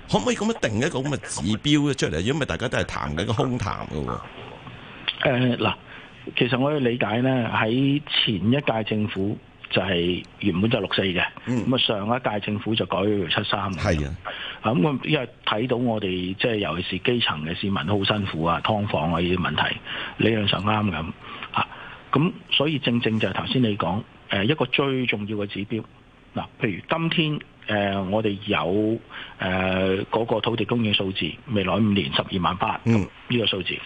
可唔可以咁樣定一個咁嘅指標出嚟？如果唔大家都係談緊一個空談嘅喎。嗱、呃，其實我嘅理解咧，喺前一屆政府。就係、是、原本就六四嘅，咁、嗯、啊上一屆政府就改咗七三。係啊，咁我因為睇到我哋即係尤其是基層嘅市民好辛苦啊，劏房啊呢啲問題，理又上啱咁咁所以正正就係頭先你講、呃、一個最重要嘅指標，嗱、呃，譬如今天誒、呃、我哋有誒嗰、呃那個土地供應數字，未來五年十二萬八、嗯，呢個數字。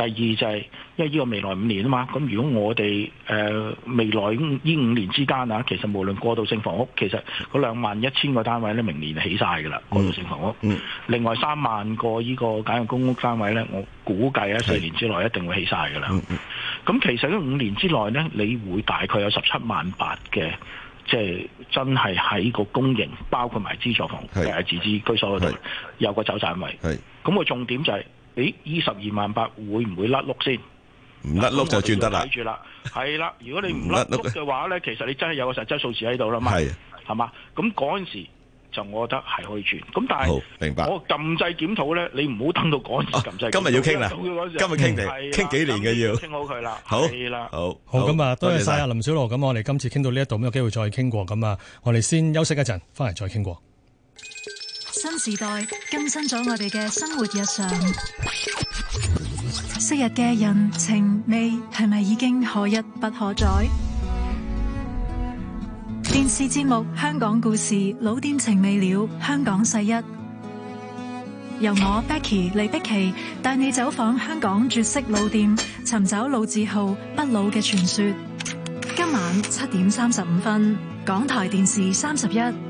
第二就係、是，因為呢個未來五年啊嘛，咁如果我哋誒、呃、未來呢五年之間啊，其實無論過渡性房屋，其實嗰兩萬一千個單位咧，明年就起晒㗎啦。過渡性房屋，嗯、另外三萬個呢個簡約公屋單位咧，我估計喺四年之內一定會起晒㗎啦。咁、嗯、其實呢五年之內呢，你會大概有十七萬八嘅，即、就、係、是、真係喺個公營，包括埋資助房，誒、呃、自資居所嗰度有個走曬位。咁、那個重點就係、是。誒，二十二萬八會唔會甩碌先？唔甩碌就轉得啦。係啦，如果你唔甩碌嘅話咧,其實你真係有個實質數字喺度啦嘛。係，係嘛？咁嗰陣時就我覺得係可以轉。咁但係，我撳制檢討咧，你唔好等到嗰陣時撳制。今日要傾啦，今日傾嚟，傾幾年嘅要。傾好佢啦，好。好，好咁啊！多謝晒阿林筱魯。咁我哋今次傾到呢一度，咁有機會再傾過咁啊！我哋先休息一陣，翻嚟再傾過。新時代更新咗我哋嘅生活日常，昔日嘅人情味係咪已經可一不可再？電視節目《香港故事》老店情未了，香港世一，由我 Becky 李碧琪帶你走訪香港絕色老店，尋找老字號不老嘅傳說。今晚七點三十五分，港台電視三十一。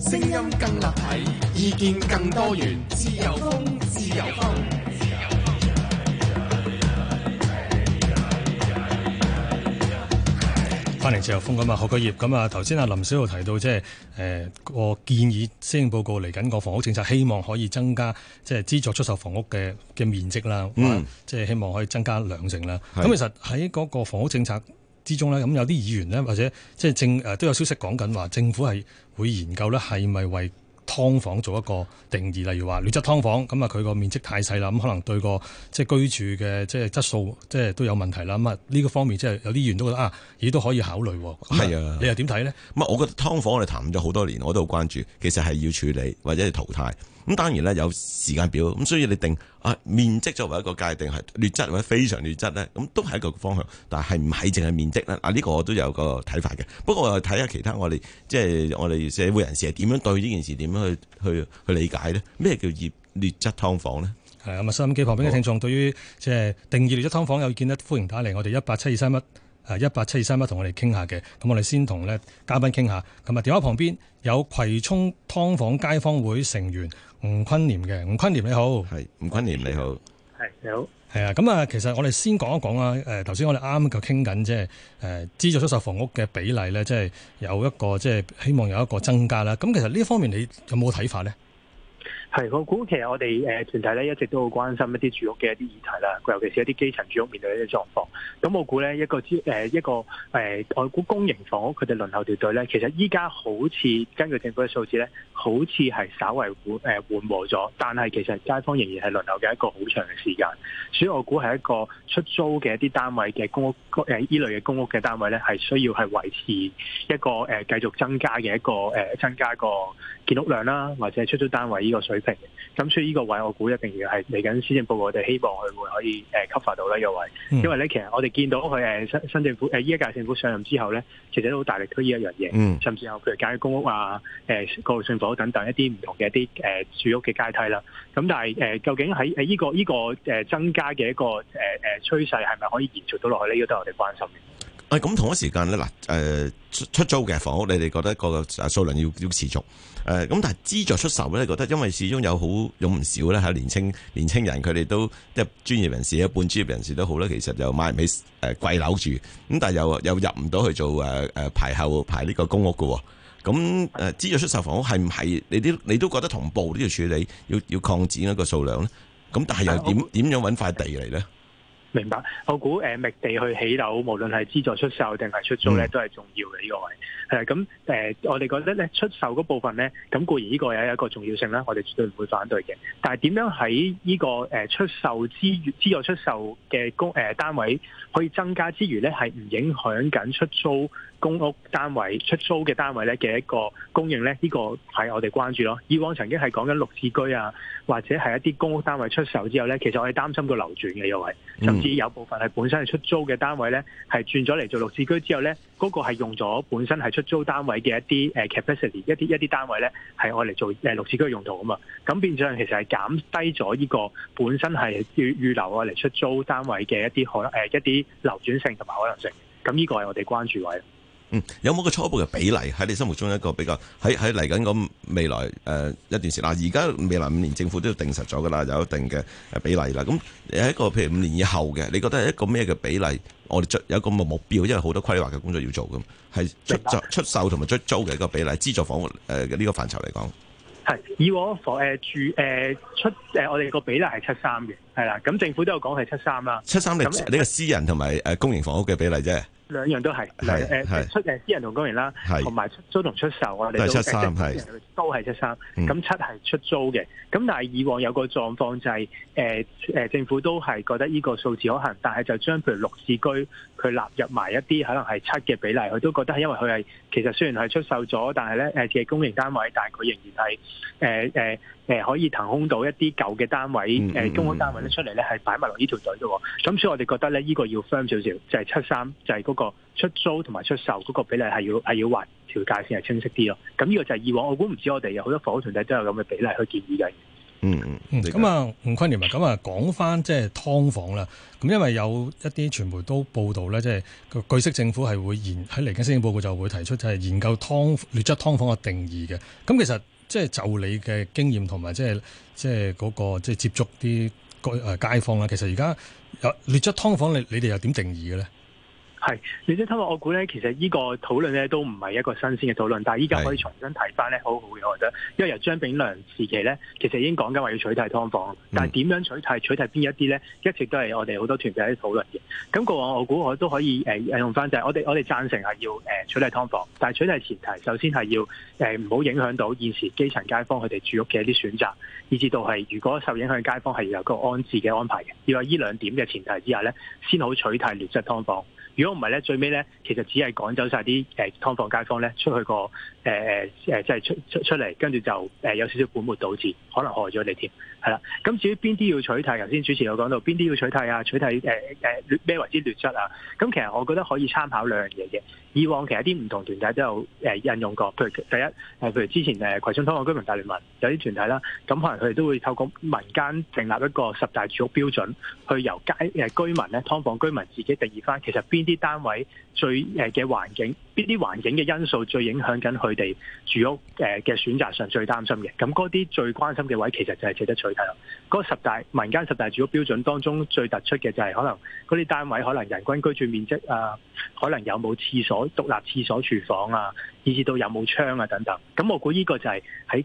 聲音更立體，意見更多元，自由風，自由風，自由風。翻嚟自由風咁啊，學個業咁啊。頭先啊林筱魯提到，即係誒個建議，施政報告嚟緊個房屋政策希屋、嗯，希望可以增加即係資助出售房屋嘅嘅面積啦，或者即係希望可以增加兩成啦。咁其實喺嗰個房屋政策。之中咧，咁有啲議員咧，或者即係政誒都有消息講緊話，政府係會研究咧，係咪為劏房做一個定義，例如話劣質劏房，咁啊佢個面積太細啦，咁可能對個即係居住嘅即係質素，即係都有問題啦。咁啊呢個方面，即係有啲議員都覺得啊，亦都可以考慮。係啊，你又點睇咧？唔，我覺得劏房我哋談咗好多年，我都好關注，其實係要處理或者係淘汰。咁當然啦，有時間表，咁所以你定啊面積作為一個界定係劣質或者非常劣質咧，咁都係一個方向，但係唔係淨係面積咧。啊、這、呢個我都有個睇法嘅。不過我又睇下其他我哋即係我哋社會人士係點樣對呢件事點樣去去去理解呢？咩叫業劣質劏房咧？係啊！麥收音機旁邊嘅聽眾對於即係定義劣質劏房有意見，得歡迎打嚟，我哋一八七二三一。誒一八七二三一，同我哋傾下嘅。咁我哋先同咧嘉賓傾下。咁啊，電話旁邊有葵涌劏房街坊會成員吳堃廉嘅。吳堃廉你好，係吳堃廉你好，係你好，係啊。咁啊，其實我哋先講一講啊。誒，頭先我哋啱啱就傾緊，即係誒，資助出售房屋嘅比例咧，即係有一個，即係希望有一個增加啦。咁其實呢一方面，你有冇睇法咧？係，我估其實我哋誒團體咧一直都好關心一啲住屋嘅一啲議題啦，尤其是一啲基層住屋面對一啲狀況。咁我估咧一個誒一個誒外股公營房屋佢哋輪候條隊咧，其實依家好似根據政府嘅數字咧，好似係稍為緩誒緩和咗，但係其實街坊仍然係輪候嘅一個好長嘅時間。所以我估係一個出租嘅一啲單位嘅公屋誒依類嘅公屋嘅單位咧，係需要係維持一個誒繼續增加嘅一個誒增加個建屋量啦，或者係出租單位呢個水平。.咁、嗯、所以呢個位我估一定要係嚟緊施政報告，我哋希望佢會可以誒 cover 到呢個位。因為咧，其實我哋見到佢誒新新政府誒呢一屆政府上任之後咧，其實都好大力推呢一樣嘢，嗯，甚至有譬如居屋公屋啊，誒各類㖏房等等一啲唔同嘅一啲誒住屋嘅階梯啦。咁但係誒究竟喺誒呢個呢、呢個誒增加嘅一個誒誒趨勢係咪可以延續到落去呢？咧？都係我哋關心嘅。誒、嗯，咁同一時間咧嗱，誒、呃、出租嘅房屋，你哋覺得個數量要要持續？誒，咁但係資助出售咧，你覺得因為始終有好，有唔少咧嚇年輕年輕人，佢哋都即係專業人士，一半專業人士都好啦。其實又買唔起誒貴樓住，咁但係又又入唔到去做誒排後排呢個公屋喎。咁誒資助出售房屋係唔係你啲你都覺得同步都要處理，要要擴展一個數量咧？咁但係又點點樣搵塊地嚟咧？明白，我估誒、呃、密地去起樓，無論係資助出售定係出租咧、嗯，都係重要嘅呢、這個位。咁誒、呃，我哋覺得咧出售嗰部分咧，咁固然呢個有一個重要性啦，我哋絕對唔會反對嘅。但係點樣喺呢個誒出售資資助出售嘅公誒單位可以增加之餘咧，係唔影響緊出租公屋單位出租嘅單位咧嘅一個供應咧？呢、這個係我哋關注咯。以往曾經係講緊綠置居啊，或者係一啲公屋單位出售之後咧，其實我係擔心佢流轉嘅呢、這個位。嗯有部分係本身係出租嘅單位咧，係轉咗嚟做綠置居之後咧，嗰、嗰個係用咗本身係出租單位嘅一啲誒 capacity，一啲一啲單位咧係愛嚟做誒綠置居用途吖嘛，咁變咗，其實係減低咗呢個本身係預預留愛嚟出租單位嘅一啲可誒一啲流轉性同埋可能性，咁呢個係我哋關注位。嗯、有冇個初步嘅比例喺你心目中，一個比較喺喺嚟緊咁未來誒、呃、一段時間，而家未來五年政府都要定實咗噶啦，有一定嘅誒比例啦。咁喺一個譬如五年以後嘅，你覺得係一個咩嘅比例？我哋有一個目標，因為好多規劃嘅工作要做噶，係出出售同埋出租嘅一個比例，資助房屋誒呢、呃這個範疇嚟講，係以我房誒住誒出誒、呃呃、我哋個比例係七三嘅。係啦，咁政府都有講係七三啦。七三你呢個私人同埋公營房屋嘅比例啫。兩樣都係，係出私人同公營啦，同埋出租同出售我哋都七三，係都係七三。咁七係出租嘅。咁、嗯、但係以往有個狀況就係、是、呃、政府都係覺得呢個數字可行，但係就將譬如綠置居佢納入埋一啲可能係七嘅比例，佢都覺得係因為佢係其實雖然係出售咗，但係咧誒嘅公營單位，但係佢仍然係誒誒誒可以騰空到一啲舊嘅單位公屋單位。嗯嗯出嚟咧，係擺埋落呢條隊啫喎，咁所以我哋覺得咧，依個要 firm 少少，就係七三，就係嗰個出租同埋出售嗰個比例係要係要畫條界先係清晰啲咯。咁呢個就係以往我估唔知我哋有好多房屋團體都有咁嘅比例去建議嘅。嗯咁啊、嗯，吳堃廉啊，咁啊講翻即係劏房啦。咁因為有一啲傳媒都報道咧，即係據悉政府係會研喺嚟緊，施政報告就會提出，就係研究㓥劣質劏房嘅定義嘅。咁其實即係就你嘅經驗同埋，即係即係、那、嗰個即係接觸啲。個誒街坊啦，其實而家有劣質劏房，你你哋又點定義嘅咧？係，你即係聽我估咧，其實呢個討論咧都唔係一個新鮮嘅討論，但係依家可以重新提翻咧，好好嘅。我覺得，因為由張炳良時期咧，其實已經講緊話要取締劏房，嗯、但係點樣取締？取締邊一啲咧？一直都係我哋好多團體喺討論嘅。咁過往我估我都可以誒、呃、用翻、就是，就係我哋我哋贊成係要、呃、取締劏房，但係取締前提首先係要誒唔好影響到現時基層街坊佢哋住屋嘅一啲選擇，以至到係如果受影響嘅街坊係要有個安置嘅安排嘅。要喺依兩點嘅前提之下咧，先好取締劣質劏房。如果唔係咧，最尾咧，其實只係趕走晒啲誒劏房街坊咧，出去個誒誒即係出出出嚟，跟住就有少少本末倒置，可能害咗你添。係啦，咁至於邊啲要取締？頭先主持有講到邊啲要取締啊？取締誒咩為之劣質啊？咁其實我覺得可以參考兩樣嘢嘅。以往其實一啲唔同團體都有誒、呃、引用過，譬如第一誒、呃，譬如之前誒葵涌劏房居民大聯盟有啲團體啦，咁可能佢哋都會透過民間訂立一個十大住屋標準，去由街居民咧，劏房居民自己定義翻，其實邊啲單位最誒嘅、呃、環境。邊啲環境嘅因素最影響緊佢哋住屋誒嘅選擇上最擔心嘅？咁嗰啲最關心嘅位其實就係值得取睇咯。嗰十大民間十大住屋標準當中最突出嘅就係可能嗰啲單位可能人均居住面積啊，可能有冇廁所、獨立廁所、廚房啊，以至到有冇窗啊等等。咁我估呢個就係喺。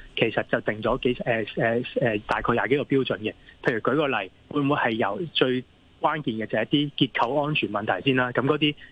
其實就定咗幾、呃呃呃、大概廿幾個標準嘅，譬如舉個例，會唔會係由最關鍵嘅就係一啲結構安全問題先啦？咁嗰啲。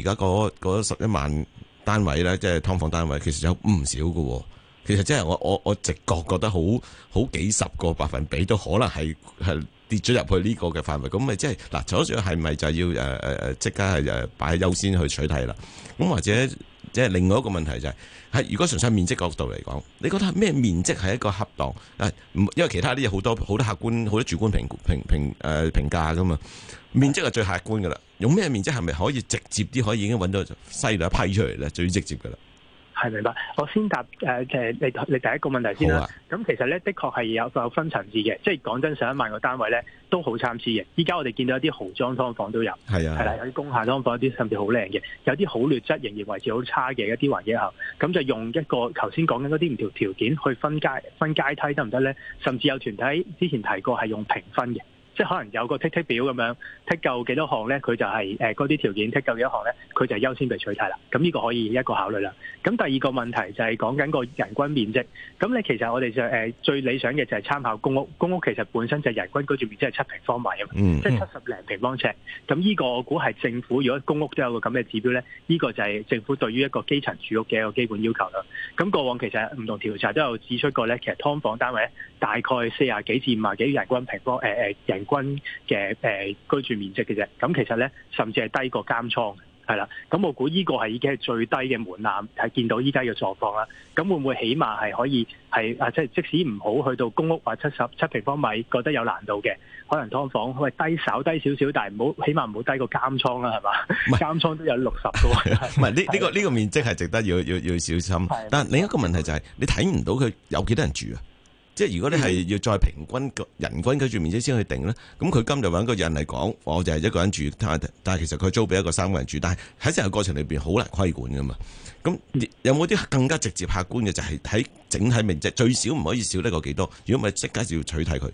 而家嗰十一萬單位咧，即係劏房單位，其實有唔少嘅。其實即係我我我直覺覺得好好幾十個百分比都可能係係跌咗入去呢個嘅範圍。咁咪、就是、即係嗱，左住係咪就要誒誒誒即刻係誒、呃呃、擺優先去取締啦？咁或者？即係另外一個問題就係、係，係如果純粹面積角度嚟講，你覺得咩面積係一個恰當？誒，唔因為其他啲嘢好多好多客觀好多主觀評估評評誒評價噶嘛？面積係最客觀噶啦，用咩面積係咪可以直接啲？可以已經揾到犀利批出嚟咧，最直接噶啦。係明白，我先答誒、呃、你你第一個問題先啦。咁、啊、其實咧，的確係有有分層次嘅，即係講真，上一萬個單位咧都好參差嘅。依家我哋見到一啲豪裝劏房都有，係啊，係啦，有啲工廈劏房，有啲甚至好靚嘅，有啲好劣質，仍然維持好差嘅一啲環境下，咁就用一個頭先講緊嗰啲唔同條件去分階分階梯得唔得咧？甚至有團體之前提過係用評分嘅。即係可能有個剔剔表咁樣剔夠幾多項咧，佢就係誒嗰啲條件剔夠幾多項咧，佢就優先被取締啦。咁呢個可以一個考慮啦。咁第二個問題就係講緊個人均面積。咁你其實我哋就誒、呃、最理想嘅就係參考公屋。公屋其實本身就係人均居住面積係七平方米啊嘛，即、嗯、係、就是、七十零平方尺。咁呢個我估係政府如果公屋都有個咁嘅指標咧，呢、這個就係政府對於一個基層住屋嘅一個基本要求啦。咁過往其實唔同調查都有指出過咧，其實劏房單位大概四廿幾至五廿幾人均平方誒誒、呃、人。均嘅誒居住面積嘅啫，咁其實咧，甚至係低過監倉，係啦。咁我估依個係已經係最低嘅門檻，係見到依家嘅狀況啦。咁會唔會起碼係可以係啊？即係即使唔好去到公屋或七十七平方米，覺得有難度嘅，可能劏房會低稍低少少，但係唔好起碼唔好低過監倉啦，係嘛？監倉都有六十個。唔係呢？呢個呢個面積係值得要要要小心。但係另一個問題就係、是、你睇唔到佢有幾多人住啊？即係如果你係要再平均，人均面定那他今天一個人均居住面積先去定咧，咁佢今日揾個人嚟講，我就係一個人住，但係其實佢租俾一個三個人住，但係喺成個過程裏邊好難規管噶嘛。咁有冇啲更加直接客觀嘅，就係、是、喺整體面積最少唔可以少得過幾多？如果唔係，即刻就要取締佢。這個、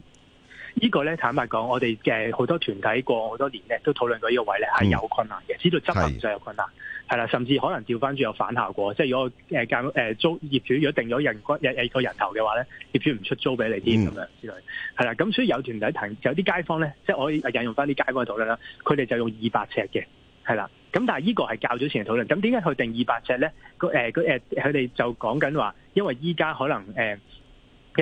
呢個咧坦白講，我哋嘅好多團體過好多年咧，都討論過呢個位咧係有困難嘅、嗯，知道執行上有困難。係啦，甚至可能調翻轉有反效果，即係如果誒減誒租業主，如果定咗人均誒誒個人頭嘅話咧，業主唔出租俾你添咁樣之類，係、嗯、啦，咁所以有團體就，有啲街坊咧，即係我引用翻啲街坊嘅討論啦，佢哋就用二百尺嘅，係啦，咁但係依個係較早前嘅討論，咁點解佢定二百尺咧？佢誒佢佢哋就講緊話，因為依家可能誒。呃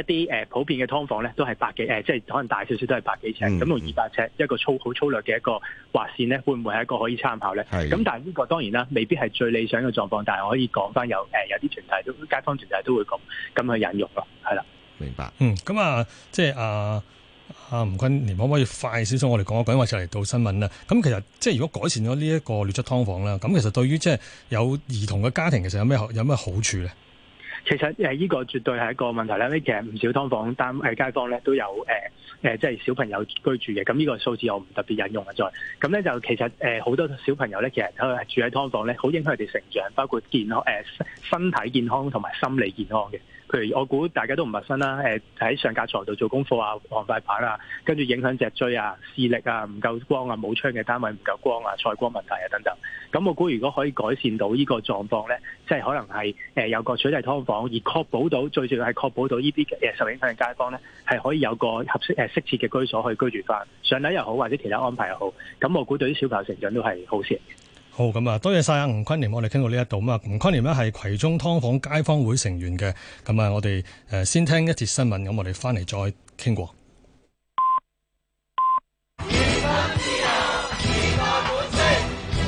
一啲普遍嘅劏房咧，都係百幾誒、呃，即係可能大少少都係百幾尺，咁、嗯、用二百尺一個粗好粗略嘅一個劃線咧，會唔會係一個可以參考咧？咁但係呢個當然啦，未必係最理想嘅狀況，但係我可以講翻有有啲團體都街坊團體都會咁咁去引用咯，係啦。明白。嗯，咁、嗯嗯、啊，即係阿阿吳堃廉，可唔可以快少少我哋講一講，話就嚟到新聞啦，咁其實即係如果改善咗呢一個劣質劏房啦，咁其實對於即係有兒童嘅家庭，其實有咩有咩好處咧？其實誒，呢個絕對係一個問題啦。呢其實唔少劏房單誒街坊咧都有誒誒，即、呃、係、呃就是、小朋友居住嘅。咁呢個數字我唔特別引用啊。在咁咧就其實誒，好、呃、多小朋友咧，其實佢住喺劏房咧，好影響佢哋成長，包括健康誒、呃、身體健康同埋心理健康嘅。譬如我估大家都唔陌生啦，喺上架床度做功課啊，行塊板啊，跟住影響脊椎啊、視力啊、唔夠光啊、冇窗嘅單位唔夠光啊、採光問題啊等等。咁我估如果可以改善到呢個狀況咧，即係可能係有個取締劏房，而確保到最主要係確保到呢啲誒受影響嘅街坊咧，係可以有個合適誒適切嘅居所去居住翻，上樓又好或者其他安排又好。咁我估對啲小朋友成長都係好事。好，咁啊，多謝晒啊。吳堃廉，我哋傾到呢一度。咁啊吳堃廉呢係葵涌劏房街坊會成員嘅。咁啊我哋先聽一節新聞，咁我哋返嚟再傾過。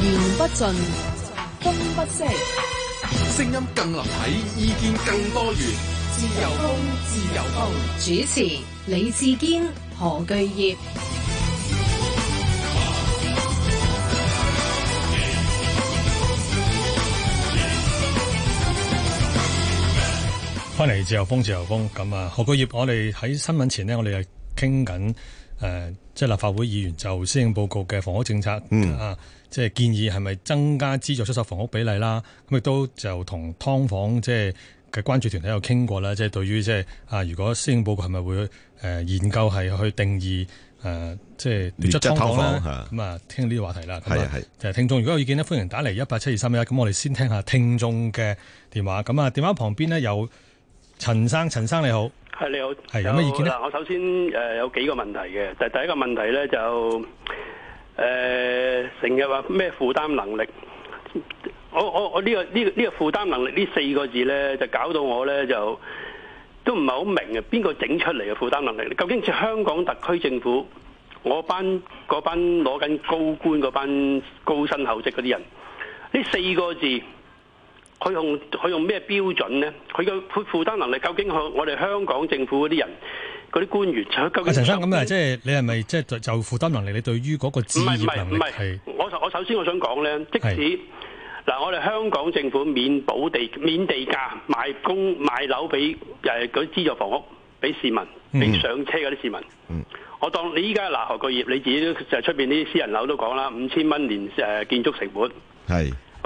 言不盡，風不息。聲音更立體，意見更多元。自由風自由風，主持李志堅、何巨業翻嚟自由風，自由風咁啊！何個業，我哋喺新聞前呢，我哋係傾緊誒，即係立法會議員就施政報告嘅房屋政策、嗯、啊，即係建議係咪增加資助出售房屋比例啦？咁、啊、亦都就同劏房即係嘅關注團體有傾過啦。即係對於即係啊，如果施政報告係咪會誒、呃、研究係去定義誒、啊，即係劣質劏房咁啊，啊，聽呢啲話題啦。係係，誒、啊，聽眾如果有意見呢歡迎打嚟一八七二三一，咁我哋先聽下聽眾嘅電話。咁啊，電話旁邊呢有。陳生，陳生你好，係你好，係有咩意見嗱，我首先誒有幾個問題嘅，第第一個問題咧就誒成日話咩負擔能力，我我我呢個呢個呢個負擔能力呢四個字咧就搞到我咧就都唔係好明啊，邊個整出嚟嘅負擔能力？究竟係香港特區政府，我班嗰班攞緊高官嗰班高薪厚職嗰啲人呢四個字？佢用佢用咩標準咧？佢嘅佢負擔能力究竟佢，我哋香港政府嗰啲人嗰啲官員，究竟咁即係你係咪即係就負擔能力？你對於嗰個資業能力係我，我首先我想講咧，即使嗱我哋香港政府免補地免地價賣公賣樓俾誒啲資助房屋俾市民俾、嗯、上車嗰啲市民、嗯，我當你依家嗱學個業你自己就出面啲私人樓都講啦，五千蚊連建築成本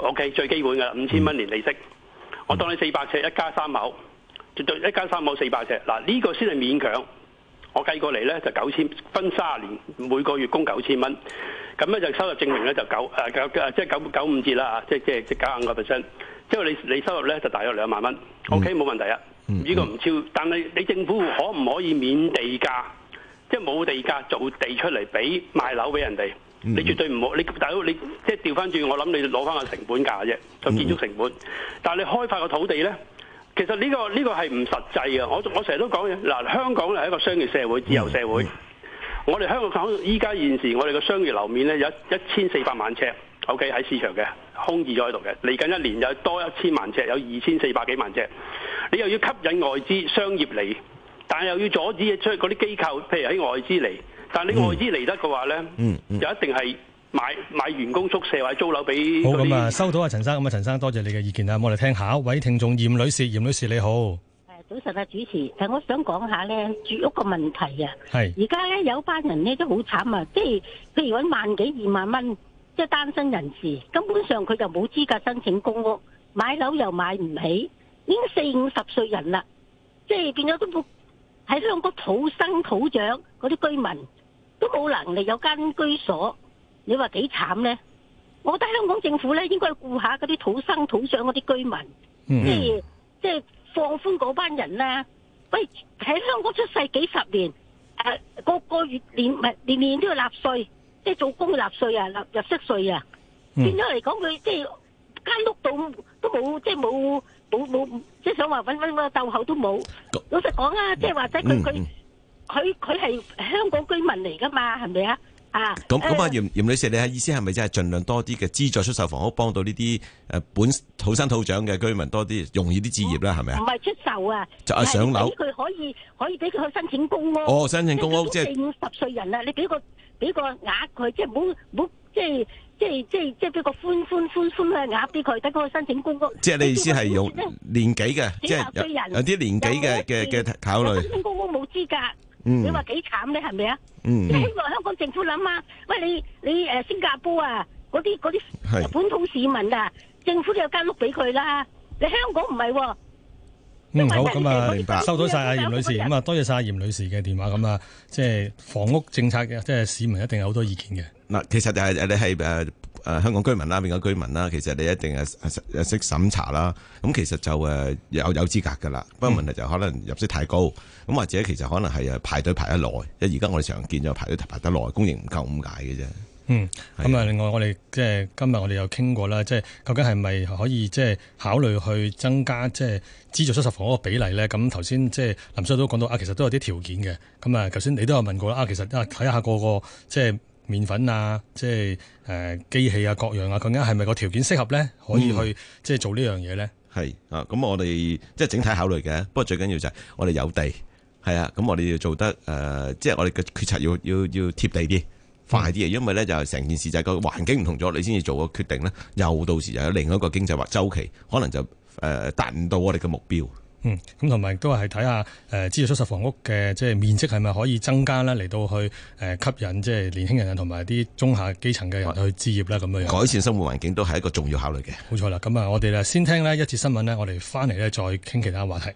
O、okay, K，最基本嘅五千蚊年利息，我當你四百尺一家三口，絕對一家三口四百尺，嗱呢、這個先係勉強。我計過嚟咧就九千，分三十年每個月供九千蚊，咁咧就收入證明咧就九誒九即係九九五折啦，即係即係即係九五個 percent，即係你你收入咧就大約兩萬蚊。O K，冇問題啊，呢、這個唔超。但係你政府可唔可以免地價？即係冇地價做地出嚟俾賣樓俾人哋？ [noise] 你絕對唔好，你大佬你即係調翻轉，我諗你攞翻個成本價啫，就建築成本。 [noise] 但係你開發個土地呢，其實呢、呢個呢、呢個係唔實際嘅。我我成日都講，嗱，香港係一個商業社會、自由社會。 [noise] 我哋香港依家現，現時，我哋嘅商業樓面呢，有一千四百萬尺，OK 喺市場嘅空置咗喺度嘅。嚟緊一年有多一千萬尺，有二千四百幾萬尺。你又要吸引外資商業嚟，但係又要阻止出去嗰啲機構，譬如喺外資嚟。但係你外資嚟得嘅話咧，就、嗯嗯嗯、一定係買買員工宿舍或者租樓俾。好，咁啊，收到啊，陳生。咁啊，陳生多謝你嘅意見啊，我哋聽下一位聽眾嚴女士，嚴女士你好。誒，早晨啊，主持。但我想講下咧，住屋嘅問題啊。係。而家咧有班人咧都好慘啊，即係譬如搵萬幾二萬蚊，即係單身人士，根本上佢就冇資格申請公屋，買樓又買唔起，已經四五十歲人啦，即係變咗都冇，喺香港土生土長嗰啲居民。都冇能力有間居所，你話幾慘咧？我覺得香港政府咧應該顧下嗰啲土生土長嗰啲居民，嗯、即係即係放寬嗰班人啦、啊。喂，喺香港出世幾十年，誒、呃、個個月年唔係年年都要納稅，即係做工納稅啊，納入息稅啊。變咗嚟講，佢即係間屋到都冇，即係冇冇冇，即係想話揾揾揾豆口都冇。老實講啊，即係或者佢佢。嗯佢佢係香港居民嚟噶嘛，係咪啊？啊！咁咁啊，葉葉女士，你嘅意思係咪即係儘量多啲嘅資助出售房屋，幫到呢啲誒本土生土長嘅居民多啲，容易啲置業啦，係咪啊？唔係出售啊，就係上樓。佢可以可以俾佢去申請公屋。哦，申請公屋，即係即係你五十歲人啦，你俾個俾個額佢，即係唔好唔好，即係即係即係即係俾個寬寬寬寬嘅額俾佢，等佢去申請公屋？即係你意思係用年紀嘅，即係有啲年紀嘅嘅嘅考慮。申請公屋冇資格。你話幾慘咧，係咪啊？你希望、嗯、香港政府諗下，喂，你你誒，新加坡啊，嗰啲嗰啲本土市民啊，政府都有間屋俾佢啦。你香港唔係喎。嗯，好，咁啊，明白。收到晒阿嚴女士，咁啊，多謝晒阿嚴女士嘅電話。咁啊，即係房屋政策嘅，即係市民一定有好多意見嘅。嗱，其實就係你係誒。誒、呃、香港居民啦，邊個居民啦？其實你一定係係識審查啦。咁其實就誒有有資格嘅啦。不過問題就可能入息太高，咁、嗯、或者其實可能係誒排隊排得耐。即而家我哋常見就排隊排得耐，供應唔夠咁解嘅啫。嗯，咁啊，另外我哋即係今日我哋有傾過啦，即係究竟係咪可以即係考慮去增加即係資助出售房嗰個比例咧？咁頭先即係林叔都講到啊，其實都有啲條件嘅。咁啊，頭先你都有問過啦，啊其實睇下個個即係。麵粉啊，即係誒機器啊，各樣啊，究竟係咪個條件適合咧？可以去即係、嗯、做呢樣嘢咧？係啊，咁我哋即係整體考慮嘅，不過最緊要就係我哋有地，係啊，咁我哋要做得誒、呃，即係我哋嘅決策要要要貼地啲、快啲嘅，因為咧就成件事就係個環境唔同咗，你先至做個決定咧，又到時又有另一個經濟或週期，可能就誒達唔到我哋嘅目標。嗯，咁同埋都係睇下，誒，資助出售房屋嘅即係面積係咪可以增加咧，嚟到去誒吸引即係年輕人啊，同埋啲中下基層嘅人去置業呢？咁樣改善生活環境都係一個重要考慮嘅。冇錯啦，咁、嗯、啊、嗯嗯嗯，我哋咧先聽呢一節新聞咧，我哋翻嚟咧再傾其他話題。